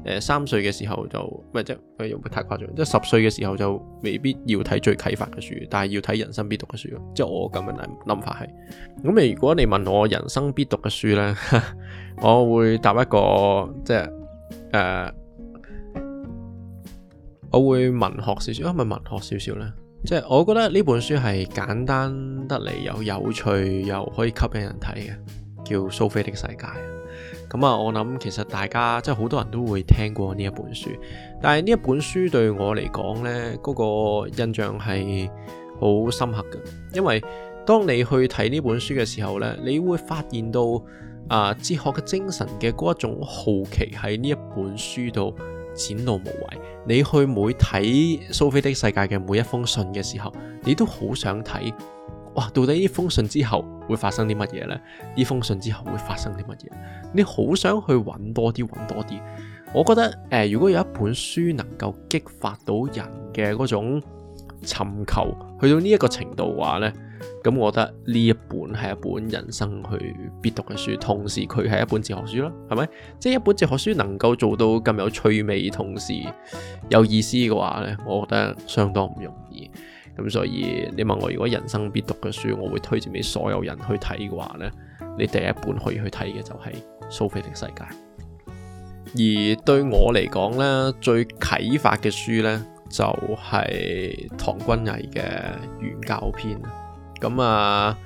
能誒三歲嘅時候就唔係即係，又唔太誇張。即係十歲嘅時候就未必要睇最啟發嘅書，但係要睇人生必讀嘅書。即係我咁樣諗諗法係。咁誒，如果你問我人生必讀嘅書咧， <laughs> 我會答一個即係誒。呃我會文學少少，係咪文學少少呢？即係我覺得呢本書係簡單得嚟，又有趣，又可以吸引人睇嘅，叫《蘇菲的世界》。咁、嗯、啊，我諗其實大家即係好多人都會聽過呢一本書，但係呢一本書對我嚟講呢，嗰、嗰個印象係好深刻嘅，因為當你去睇呢本書嘅時候呢，你會發現到啊、呃，哲學嘅精神嘅嗰一種好奇喺呢一本書度。展露無遺。你去每睇蘇菲的世界嘅每一封信嘅時候，你都好想睇，哇！到底呢封信之後會發生啲乜嘢呢？呢封信之後會發生啲乜嘢？你好想去揾多啲，揾多啲。我覺得，誒、呃，如果有一本書能夠激發到人嘅嗰種尋求，去到呢一個程度嘅話呢。咁我覺得呢一本係一本人生去必讀嘅書，同時佢係一本哲學書啦，係咪？即係一本哲學書能夠做到咁有趣味，同時有意思嘅話呢，我覺得相當唔容易。咁所以你問我如果人生必讀嘅書，我會推薦俾所有人去睇嘅話呢，你第一本可以去睇嘅就係、是《蘇菲的世界》。而對我嚟講呢，最啟發嘅書呢，就係、是、唐君毅嘅《原教篇》。咁啊，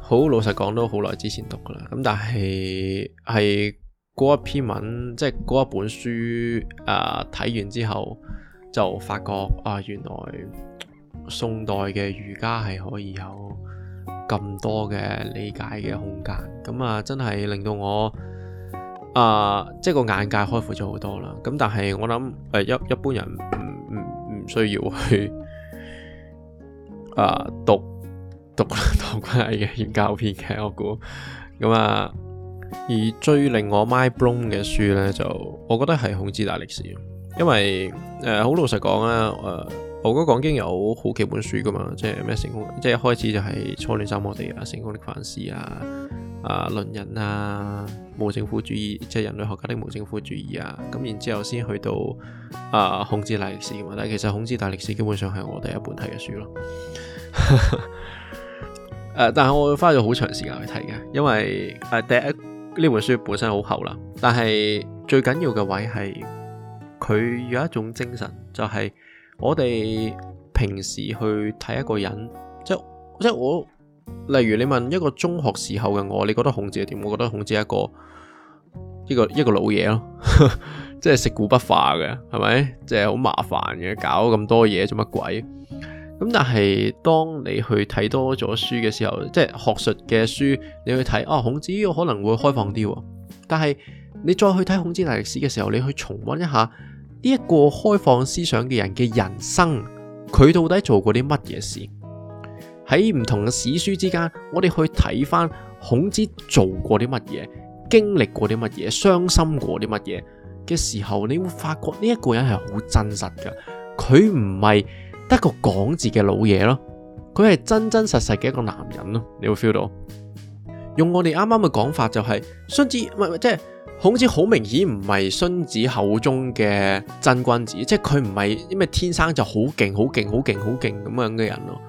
好、嗯、老實講都好耐之前讀噶啦，咁但係係嗰一篇文，即係嗰一本書，啊、呃、睇完之後就發覺啊、呃，原來宋代嘅儒家係可以有咁多嘅理解嘅空間，咁、嗯、啊、嗯、真係令到我啊即係個眼界開闊咗好多啦。咁但係我諗誒、呃、一一般人唔唔唔需要去啊、呃、讀。讀讀下嘅研教片嘅，我估咁啊。而最令我 mind blown 嘅書呢，就我覺得係《孔子大歷史》。因為誒、好、呃、老實講咧，誒、呃，我哥講經有好幾本書噶嘛，即係咩成功，即係一開始就係《初戀三摩地》啊，《成功的反思》啊，啊，《論人》啊，《無政府主義》，即係人類學家的無政府主義啊。咁然之後先去到啊、呃《孔子大歷史》嘅問題。但其實《孔子大歷史》基本上係我第一本睇嘅書咯。啊呵呵誒、呃，但係我花咗好長時間去睇嘅，因為誒、呃、第一呢本書本身好厚啦，但係最緊要嘅位係佢有一種精神，就係、是、我哋平時去睇一個人，即即我例如你問一個中學時候嘅我，你覺得孔子係點？我覺得孔子係一個一個一個老嘢咯， <laughs> 即係食古不化嘅，係咪？即係好麻煩嘅，搞咁多嘢做乜鬼？咁但係當你去睇多咗書嘅時候，即係學術嘅書，你去睇啊孔子，我可能會開放啲。但係你再去睇孔子大歷史嘅時候，你去重溫一下呢一個開放思想嘅人嘅人生，佢到底做過啲乜嘢事？喺唔同嘅史書之間，我哋去睇翻孔子做過啲乜嘢，經歷過啲乜嘢，傷心過啲乜嘢嘅時候，你會發覺呢一個人係好真實㗎，佢唔係。一個講字嘅老嘢咯，佢係真真實實嘅一個男人咯，你會 feel 到。用我哋啱啱嘅講法就係荀子，即係孔子好明顯唔係荀子口中嘅真君子，即係佢唔係咩天生就好勁好勁好勁好勁咁樣嘅人咯，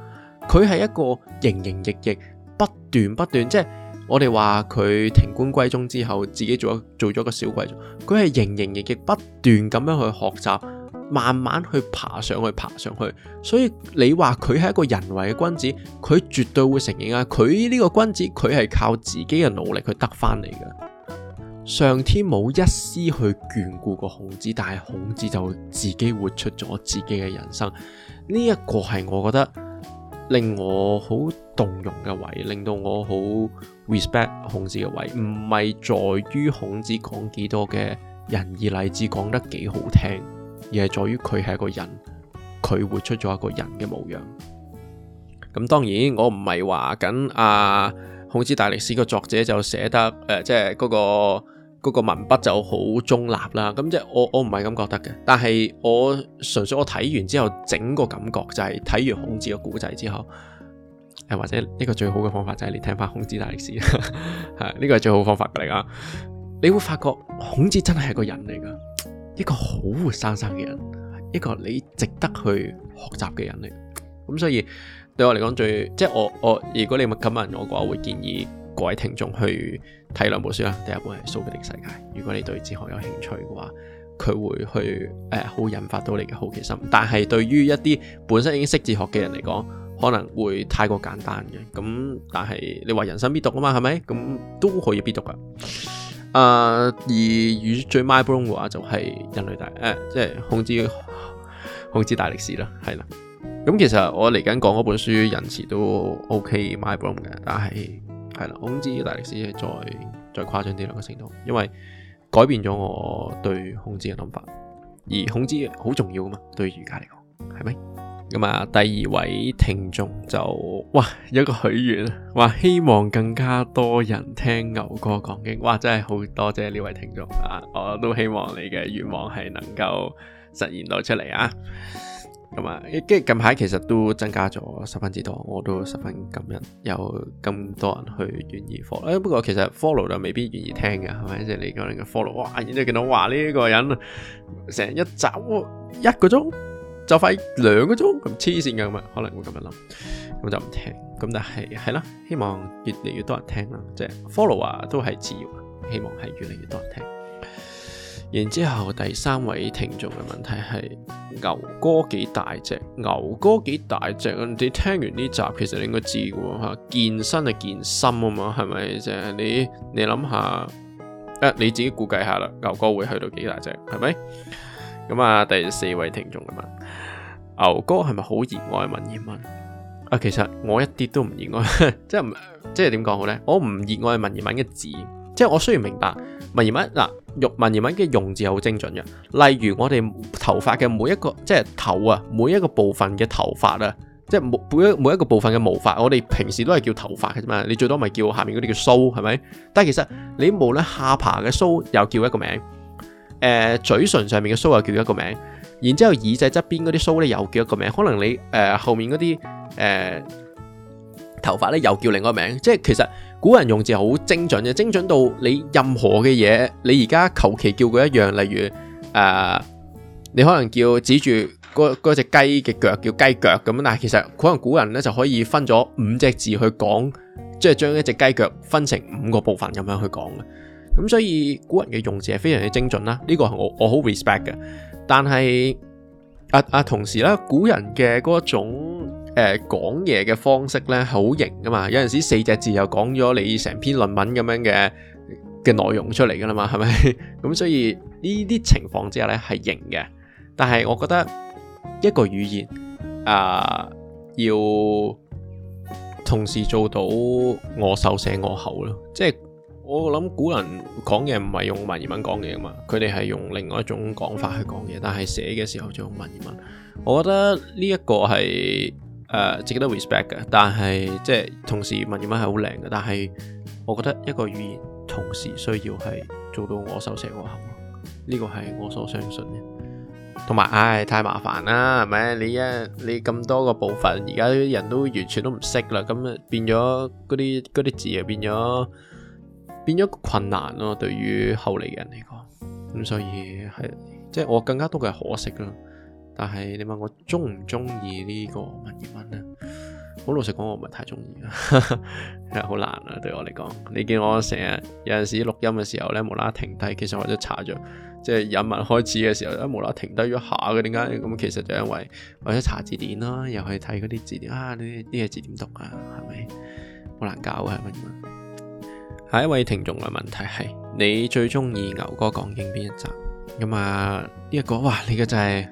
佢係一個營營役役不斷不斷，即係我哋話佢停官歸宗之後，自己做咗做咗個小貴族，佢係營營役役不斷咁樣去學習。慢慢去爬上去，爬上去。所以你話佢係一個人為嘅君子，佢絕對會承認啊！佢呢個君子，佢係靠自己嘅努力去得翻嚟嘅。上天冇一絲去眷顧過孔子，但係孔子就自己活出咗自己嘅人生。呢、這、一個係我覺得令我好動容嘅位，令到我好 respect 孔子嘅位，唔係在於孔子講幾多嘅仁義禮智講得幾好聽。而係在於佢係一個人，佢活出咗一個人嘅模樣。咁當然我，我唔係話緊阿孔子大歷史個作者就寫得誒，即係嗰個、嗰個文筆就好中立啦。咁即係我我唔係咁覺得嘅。但係我純粹我睇完之後整個感覺就係睇完孔子嘅古仔之後，誒或者呢個最好嘅方法就係你聽翻孔子大歷史，係呢個係最好方法嚟噶。你會發覺孔子真係係個人嚟噶。一個好活生生嘅人，一個你值得去學習嘅人嚟。咁所以對我嚟講，最即係我我如果你咪係咁問我嘅話，會建議各位聽眾去睇兩本書啦。第一本係《蘇菲的世界》，如果你對哲學有興趣嘅話，佢會去誒好、呃、引發到你嘅好奇心。但係對於一啲本身已經識哲學嘅人嚟講，可能會太過簡單嘅。咁但係你話人生必讀啊嘛，係咪？咁都可以必讀㗎。啊！Uh, 而與最 mind blown 嘅話就係人類大，誒、uh, 即係孔子，孔子大歷史啦，係啦。咁其實我嚟緊講嗰本書人詞都 OK mind blown 嘅，但係係啦，孔子大歷史係再再誇張啲兩個程度，因為改變咗我對孔子嘅諗法。而孔子好重要啊嘛，對儒家嚟講，係咪？咁啊，第二位聽眾就，哇，有個許願，話希望更加多人聽牛哥講嘅，哇，真係好多謝呢位聽眾啊！我都希望你嘅願望係能夠實現到出嚟啊！咁啊，跟住近排其實都增加咗十分之多，我都十分感恩有咁多人去願意 follow，不過其實 follow 就未必願意聽嘅，係咪？即係你講你嘅 follow，哇，然之後見到哇呢個人成一集一個鐘。就快兩個鐘咁黐線㗎，咁啊可能會咁樣諗，咁就唔聽。咁但係係啦，希望越嚟越多人聽啦，即係 follow 啊，都係自由。希望係越嚟越多人聽。然之後第三位聽眾嘅問題係牛哥幾大隻？牛哥幾大隻？你聽完呢集其實你應該知嘅喎吓，健身就健心啊嘛，係咪？即係你你諗下，誒，啊，你自己估計下啦，牛哥會去到幾大隻？係咪？咁啊，第四位聽眾啊嘛。牛哥係咪好熱愛文言文啊？其實我一啲都唔熱愛，即係即係點講好呢？我唔熱愛文言文嘅字，即係我雖然明白文言文嗱，用、啊、文言文嘅用字係好精準嘅。例如我哋頭髮嘅每一個，即係頭啊，每一個部分嘅頭髮啊，即係每每一個部分嘅毛髮，我哋平時都係叫頭髮嘅啫嘛。你最多咪叫下面嗰啲叫須，係咪？但係其實你無論下巴嘅須又叫一個名，誒、呃、嘴唇上面嘅須又叫一個名。然之後，耳仔側邊嗰啲鬚咧又叫一個名，可能你誒、呃、後面嗰啲誒頭髮咧又叫另外一個名，即係其實古人用字好精準嘅，精準到你任何嘅嘢，你而家求其叫佢一樣，例如誒、呃，你可能叫指住嗰嗰隻雞嘅腳叫雞腳咁，但係其實可能古人咧就可以分咗五隻字去講，即係將一隻雞腳分成五個部分咁樣去講嘅，咁所以古人嘅用字係非常之精準啦，呢、這個係我我好 respect 嘅。但係，啊啊，同時咧，古人嘅嗰種誒講嘢嘅方式咧，好型噶嘛？有陣時四隻字又講咗你成篇論文咁樣嘅嘅內容出嚟噶啦嘛，係咪？咁所以呢啲情況之下咧，係型嘅。但係我覺得一個語言啊，要同時做到我手寫我口咯，即係。我諗古人講嘢唔係用文言文講嘢啊嘛，佢哋係用另外一種講法去講嘢，但係寫嘅時候就用文言文。我覺得呢一個係誒值得 respect 嘅，但係即係同時文言文係好靚嘅，但係我覺得一個語言同時需要係做到我手寫我口，呢個係我所相信嘅。同埋，唉，太麻煩啦，係咪？你一你咁多個部分，而家啲人都完全都唔識啦，咁變咗嗰啲嗰啲字又變咗。變咗困難咯，對於後嚟嘅人嚟講，咁、嗯、所以係即係我更加多嘅係可惜咯。但係你問我中唔中意呢個文言文咧，好老實講，我唔係太中意，係好難啊，對我嚟講。你見我成日有陣時錄音嘅時候咧，無啦停低，其實我都查咗，即係引文開始嘅時候咧，無啦停低咗下嘅，點解？咁其實就因為或者查字典啦，又去睇嗰啲字典啊，呢啲嘢字點讀啊，係咪好難搞啊文言文？下一位聽眾嘅問題係：你最中意牛哥講經邊一集？咁啊呢、呢個哇，你、呢個就係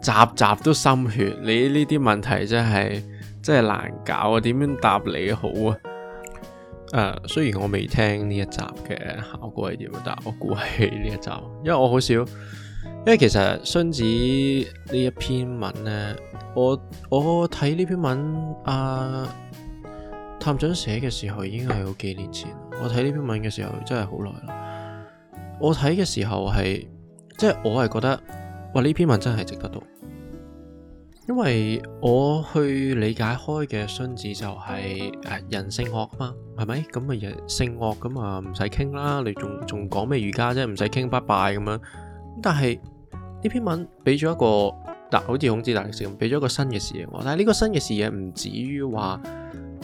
集集都心血。你呢啲問題真係真係難搞啊！點樣答你好啊？誒，雖然我未聽呢一集嘅效果係點，但我估係呢一集，因為我好少。因為其實荀子呢一篇文咧，我我睇呢篇文啊。探長寫嘅時候已經係好幾年前，我睇呢篇文嘅時候真係好耐啦。我睇嘅時候係，即係我係覺得，哇呢篇文真係值得讀。因為我去理解開嘅荀子就係、是、誒、啊、人性惡啊嘛，係咪？咁啊人性惡咁啊唔使傾啦，你仲仲講咩儒家啫？唔使傾拜拜咁樣。但係呢篇文俾咗一個，嗱好似孔子大歷史咁，俾咗一個新嘅視野我。但係呢個新嘅視野唔至於話。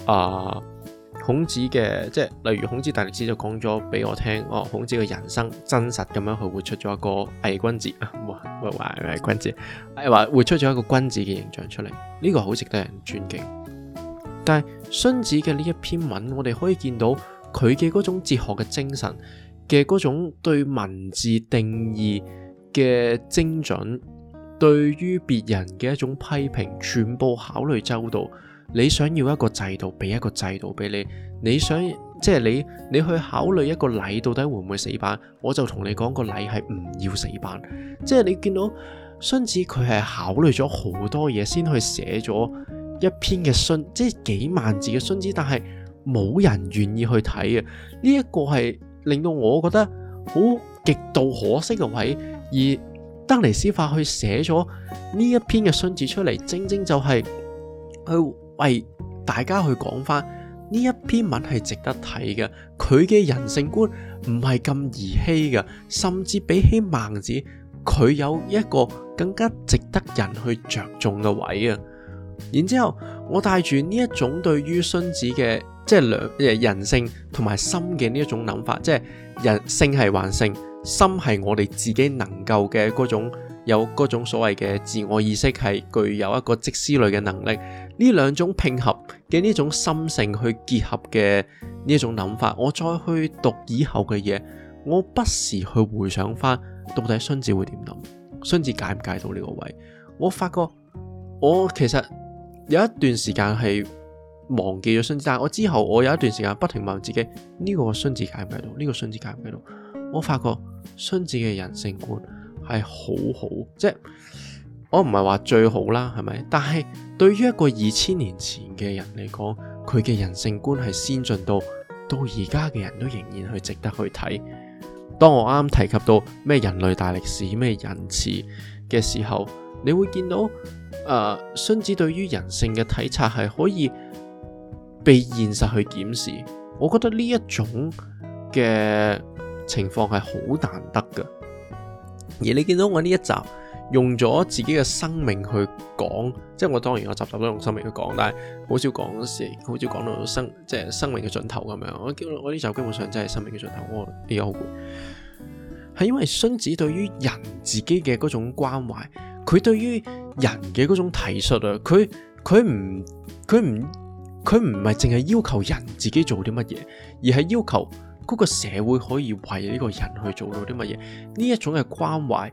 啊！Uh, 孔子嘅即係例如孔子大歷史就講咗俾我聽，哦，孔子嘅人生真實咁樣，佢會出咗一個偽君子，冇話偽君子，又、哎、話會出咗一個君子嘅形象出嚟，呢、這個好值得人尊敬。但係荀子嘅呢一篇文，我哋可以見到佢嘅嗰種哲學嘅精神，嘅嗰種對文字定義嘅精準，對於別人嘅一種批評，全部考慮周到。你想要一個制度，俾一個制度俾你。你想即係你，你去考慮一個禮到底會唔會死板？我就同你講個禮係唔要死板。即係你見到荀子佢係考慮咗好多嘢先去寫咗一篇嘅荀，即係幾萬字嘅荀子，但係冇人願意去睇嘅。呢、這、一個係令到我覺得好極度可惜嘅位，而德尼思化去寫咗呢一篇嘅荀子出嚟，正正就係、是、去。哦。大家去講翻呢一篇文係值得睇嘅，佢嘅人性觀唔係咁兒戲嘅，甚至比起孟子，佢有一個更加值得人去着重嘅位啊。然之後，我帶住呢一種對於荀子嘅即係兩人性同埋心嘅呢一種諗法，即係人性係萬性，心係我哋自己能夠嘅嗰種有嗰種所謂嘅自我意識，係具有一個積思慮嘅能力。呢兩種拼合嘅呢種心性去結合嘅呢一種諗法，我再去讀以後嘅嘢，我不時去回想翻，到底荀子會點諗？荀子解唔解到呢個位？我發覺我其實有一段時間係忘記咗荀子，但係我之後我有一段時間不停問自己：呢個荀子解唔解到？呢個荀子解唔解到？我發覺荀子嘅人性觀係好好，即我唔係話最好啦，係咪？但係對於一個二千年前嘅人嚟講，佢嘅人性觀係先進到到而家嘅人都仍然去值得去睇。當我啱啱提及到咩人類大歷史、咩仁慈嘅時候，你會見到誒、呃，荀子對於人性嘅體察係可以被現實去檢視。我覺得呢一種嘅情況係好難得噶。而你見到我呢一集。用咗自己嘅生命去講，即係我當然我集集都用生命去講，但係好少講嗰時，好少講到生即係生命嘅盡頭咁樣。我我呢集基本上真係生命嘅盡頭，我而家好攰。係因為荀子對於人自己嘅嗰種關懷，佢對於人嘅嗰種體恤啊，佢佢唔佢唔佢唔係淨係要求人自己做啲乜嘢，而係要求嗰個社會可以為呢個人去做到啲乜嘢。呢一種嘅關懷。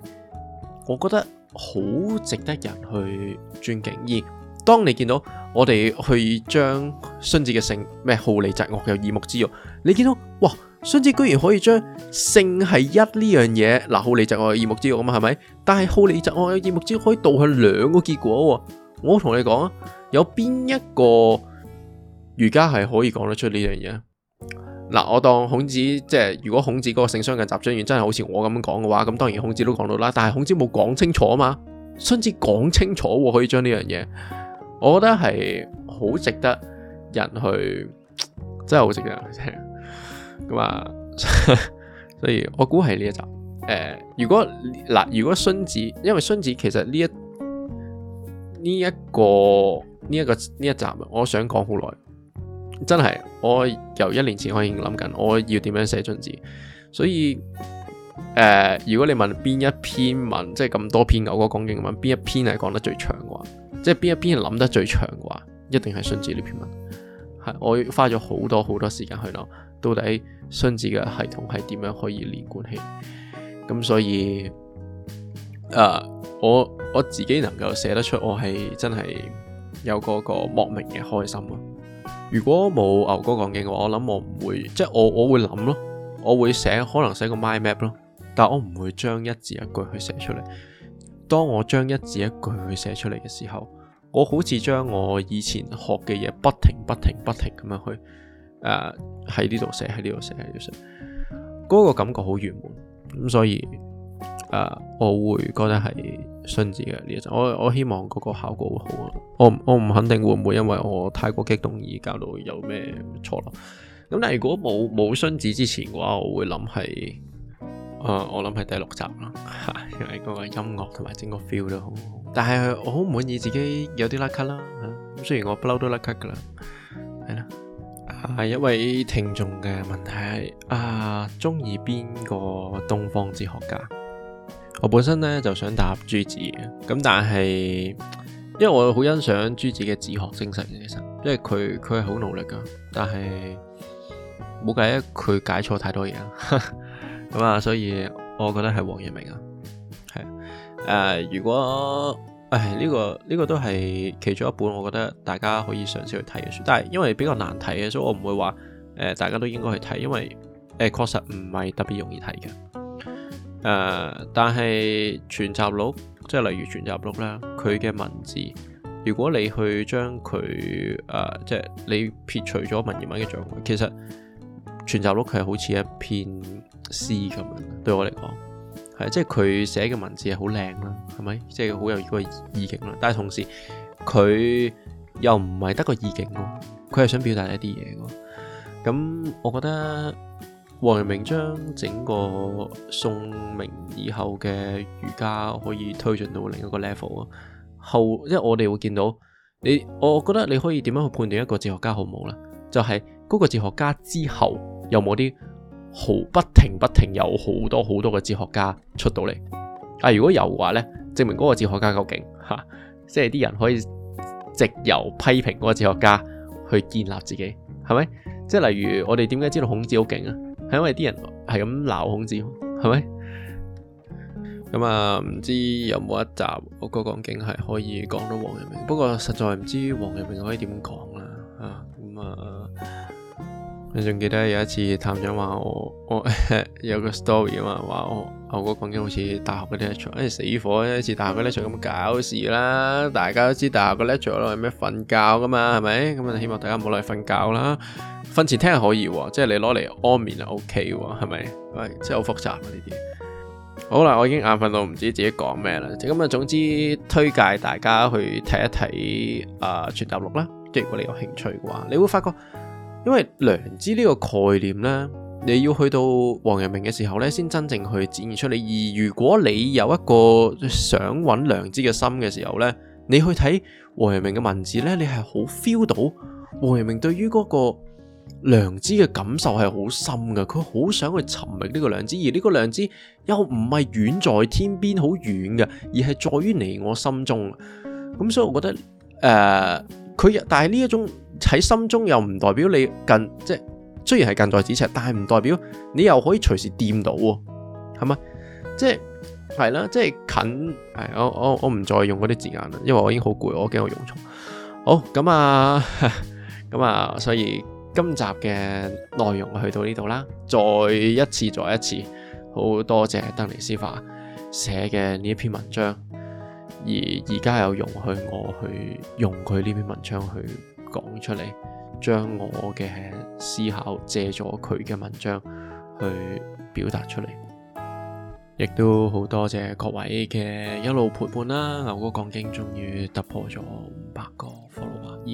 我覺得好值得人去尊敬。而當你見到我哋去將荀子嘅性咩好利疾惡有耳目之欲，你見到哇，荀子居然可以將性係一呢樣嘢嗱，好利疾惡有耳目之欲啊嘛，係咪？但係好利疾惡有耳目之欲可以導向兩個結果。我同你講啊，有邊一個儒家係可以講得出呢樣嘢？嗱，我當孔子即係如果孔子嗰個性相近嘅習相遠真係好似我咁樣講嘅話，咁當然孔子都講到啦。但係孔子冇講清楚啊嘛，荀子講清楚我可以將呢樣嘢，我覺得係好值得人去，真係好值得人去聽。咁啊，所以我估係呢一集。誒、呃，如果嗱，如果荀子，因為荀子其實呢一呢一,一個呢一,一個呢一集，我想講好耐。真係，我由一年前我開始諗緊，我要點樣寫荀子，所以誒、呃，如果你問邊一篇文，即係咁多篇牛哥講英文，邊一篇係講得最長嘅話，即係邊一篇諗得最長嘅話，一定係荀子呢篇文，係我花咗好多好多時間去諗，到底荀子嘅系統係點樣可以連貫起，咁所以誒、呃，我我自己能夠寫得出，我係真係有嗰個，個莫名嘅開心咯。如果冇牛哥講經嘅話，我諗我唔會，即係我我會諗咯，我會寫，可能寫個 mind map 咯，但我唔會將一字一句去寫出嚟。當我將一字一句去寫出嚟嘅時候，我好似將我以前學嘅嘢不停不停不停咁樣去，誒喺呢度寫，喺呢度寫，喺度寫，嗰、那個感覺好圓滿。咁所以，誒、呃，我會覺得係。荀子嘅呢一集，我我希望嗰個效果會好啊！我我唔肯定會唔會因為我太過激動而搞到有咩錯咯。咁但係如果冇冇荀子之前嘅話，我會諗係，誒、呃、我諗係第六集啦， <laughs> 因為嗰個音樂同埋整個 feel 都好好。但係我好滿意自己有啲甩咳啦吓，咁、啊、雖然我不嬲都甩咳噶啦，係啦、啊。係一位聽眾嘅問題，啊中意邊個東方哲學家？我本身咧就想答朱子嘅，咁但係因為我好欣賞朱子嘅自學精神嘅，其實，因為佢佢係好努力噶，但係冇計，佢解錯太多嘢，咁啊，所以我覺得係王陽明啊，係誒、呃，如果誒呢、這個呢、這個都係其中一本，我覺得大家可以嘗試去睇嘅書，但係因為比較難睇嘅，所以我唔會話誒、呃、大家都應該去睇，因為誒確、呃、實唔係特別容易睇嘅。誒，uh, 但係全集錄，即係例如全集錄啦，佢嘅文字，如果你去將佢誒，uh, 即係你撇除咗文言文嘅障礙，其實全集錄係好似一篇詩咁樣。對我嚟講，係即係佢寫嘅文字係好靚啦，係咪？即係好有個意境啦。但係同時佢又唔係得個意境喎，佢係想表達一啲嘢嘅。咁我覺得。王陽明將整個宋明以後嘅儒家可以推進到另一個 level 啊。後，即係我哋會見到你，我覺得你可以點樣去判斷一個哲學家好唔好啦？就係、是、嗰個哲學家之後有冇啲毫不停不停有好多好多嘅哲學家出到嚟啊？如果有嘅話咧，證明嗰個哲學家夠勁吓，即係啲人可以直由批評嗰個哲學家去建立自己，係咪？即係例如我哋點解知道孔子好勁啊？係因為啲人係咁鬧孔子，係咪？咁啊，唔知有冇一集我個講景係可以講到王日明，不過實在唔知王日明可以點講啦。啊，咁啊，你仲記得有一次探長話我我 <laughs> 有個 story 啊嘛，話我我個講景好似大學嗰啲 lecture，哎、欸、死火，似大學嗰啲 lecture 咁搞事啦，大家都知大學嘅啲 lecture 攞嚟咩瞓覺噶嘛，係咪？咁啊，希望大家唔好攞嚟瞓覺啦。瞓前聽可以，即係你攞嚟安眠就 OK 喎，係咪？喂，真係好複雜呢、啊、啲。好啦，我已經眼瞓到唔知自己講咩啦。咁啊，總之推介大家去睇一睇啊、呃《傳達錄》啦。即係如果你有興趣嘅話，你會發覺，因為良知呢個概念呢，你要去到王陽明嘅時候呢，先真正去展現出嚟。而如果你有一個想揾良知嘅心嘅時候呢，你去睇王陽明嘅文字呢，你係好 feel 到王陽明對於嗰、嗰個。良知嘅感受係好深嘅，佢好想去尋覓呢個良知，而呢個良知又唔係遠在天邊好遠嘅，而係在於你我心中。咁所以我覺得誒，佢、呃、但係呢一種喺心中又唔代表你近，即係雖然係近在咫尺，但係唔代表你又可以隨時掂到，係咪？即係係啦，即係近係、哎、我我我唔再用嗰啲字眼啦，因為我已經好攰，我驚我用錯。好，咁啊，咁啊，所以。今集嘅內容去到呢度啦，再一次再一次，好多謝德尼思化寫嘅呢篇文章，而而家又容許我去用佢呢篇文章去講出嚟，將我嘅思考借咗佢嘅文章去表達出嚟，亦都好多謝各位嘅一路陪伴啦，牛哥講經終於突破咗五百個。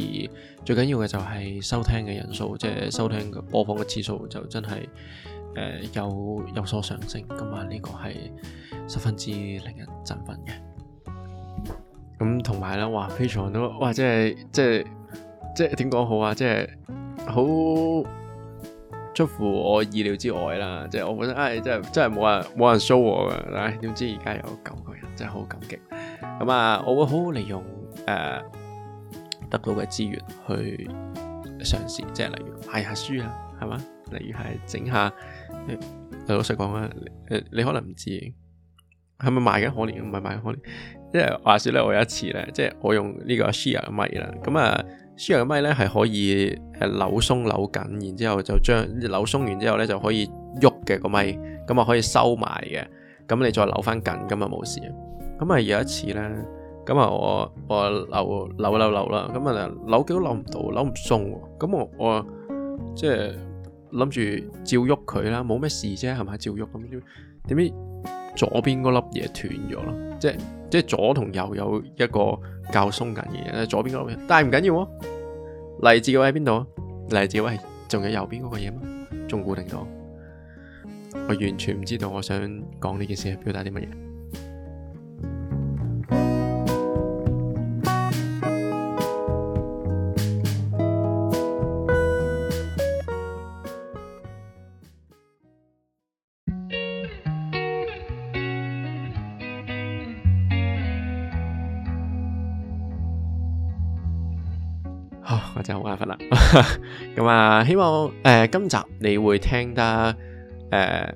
而最緊要嘅就係收聽嘅人數，即係收聽播放嘅次數就真係誒有有所上升，咁啊呢個係十分之令人振奮嘅。咁同埋啦，話非常都，哇！即係即係即係點講好啊？即係好出乎我意料之外啦！即係我本身，唉，真係真係冇人冇人 show 我噶。唉，點知而家有九個人，真係好感激。咁啊，我會好好利用誒。呃得到嘅資源去嘗試，即係例如賣下書啊，係嘛？例如係整下，誒，老實講啦，誒，你可能唔知係咪賣緊可憐？唔係賣可憐，即係話說咧，我有一次咧，即係我用呢個 share 嘅咪啦，咁啊 share 嘅咪咧係可以誒扭鬆扭緊，然之後就將扭鬆完之後咧就可以喐嘅個咪。咁啊可以收埋嘅，咁你再扭翻緊，咁啊冇事。咁啊有一次咧。咁、嗯、我扭扭扭扭啦，咁啊扭幾都扭唔到，扭唔鬆。咁、嗯、我我即係諗住照喐佢啦，冇咩事啫，係咪？照喐咁，點點解左邊嗰粒嘢斷咗咯？即係左同右有一個較鬆緊嘅，左邊嗰粒嘢，但係唔緊要。例子嘅位喺邊度啊？例子嘅位仲係右邊嗰個嘢咩？仲固定到。我完全唔知道我想講呢件事表達啲乜嘢。咁啊，希望誒今集你會聽得誒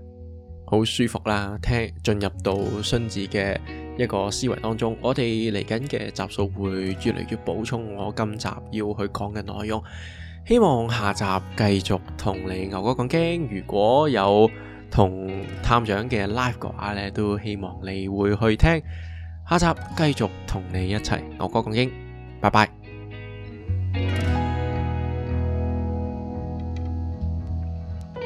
好舒服啦，聽，進入到荀子嘅一個思維當中。我哋嚟緊嘅集數會越嚟越補充我今集要去講嘅內容。希望下集繼續同你牛哥講經。如果有同探長嘅 live 嘅話呢，都希望你會去聽。下集繼續同你一齊牛哥講經。拜拜。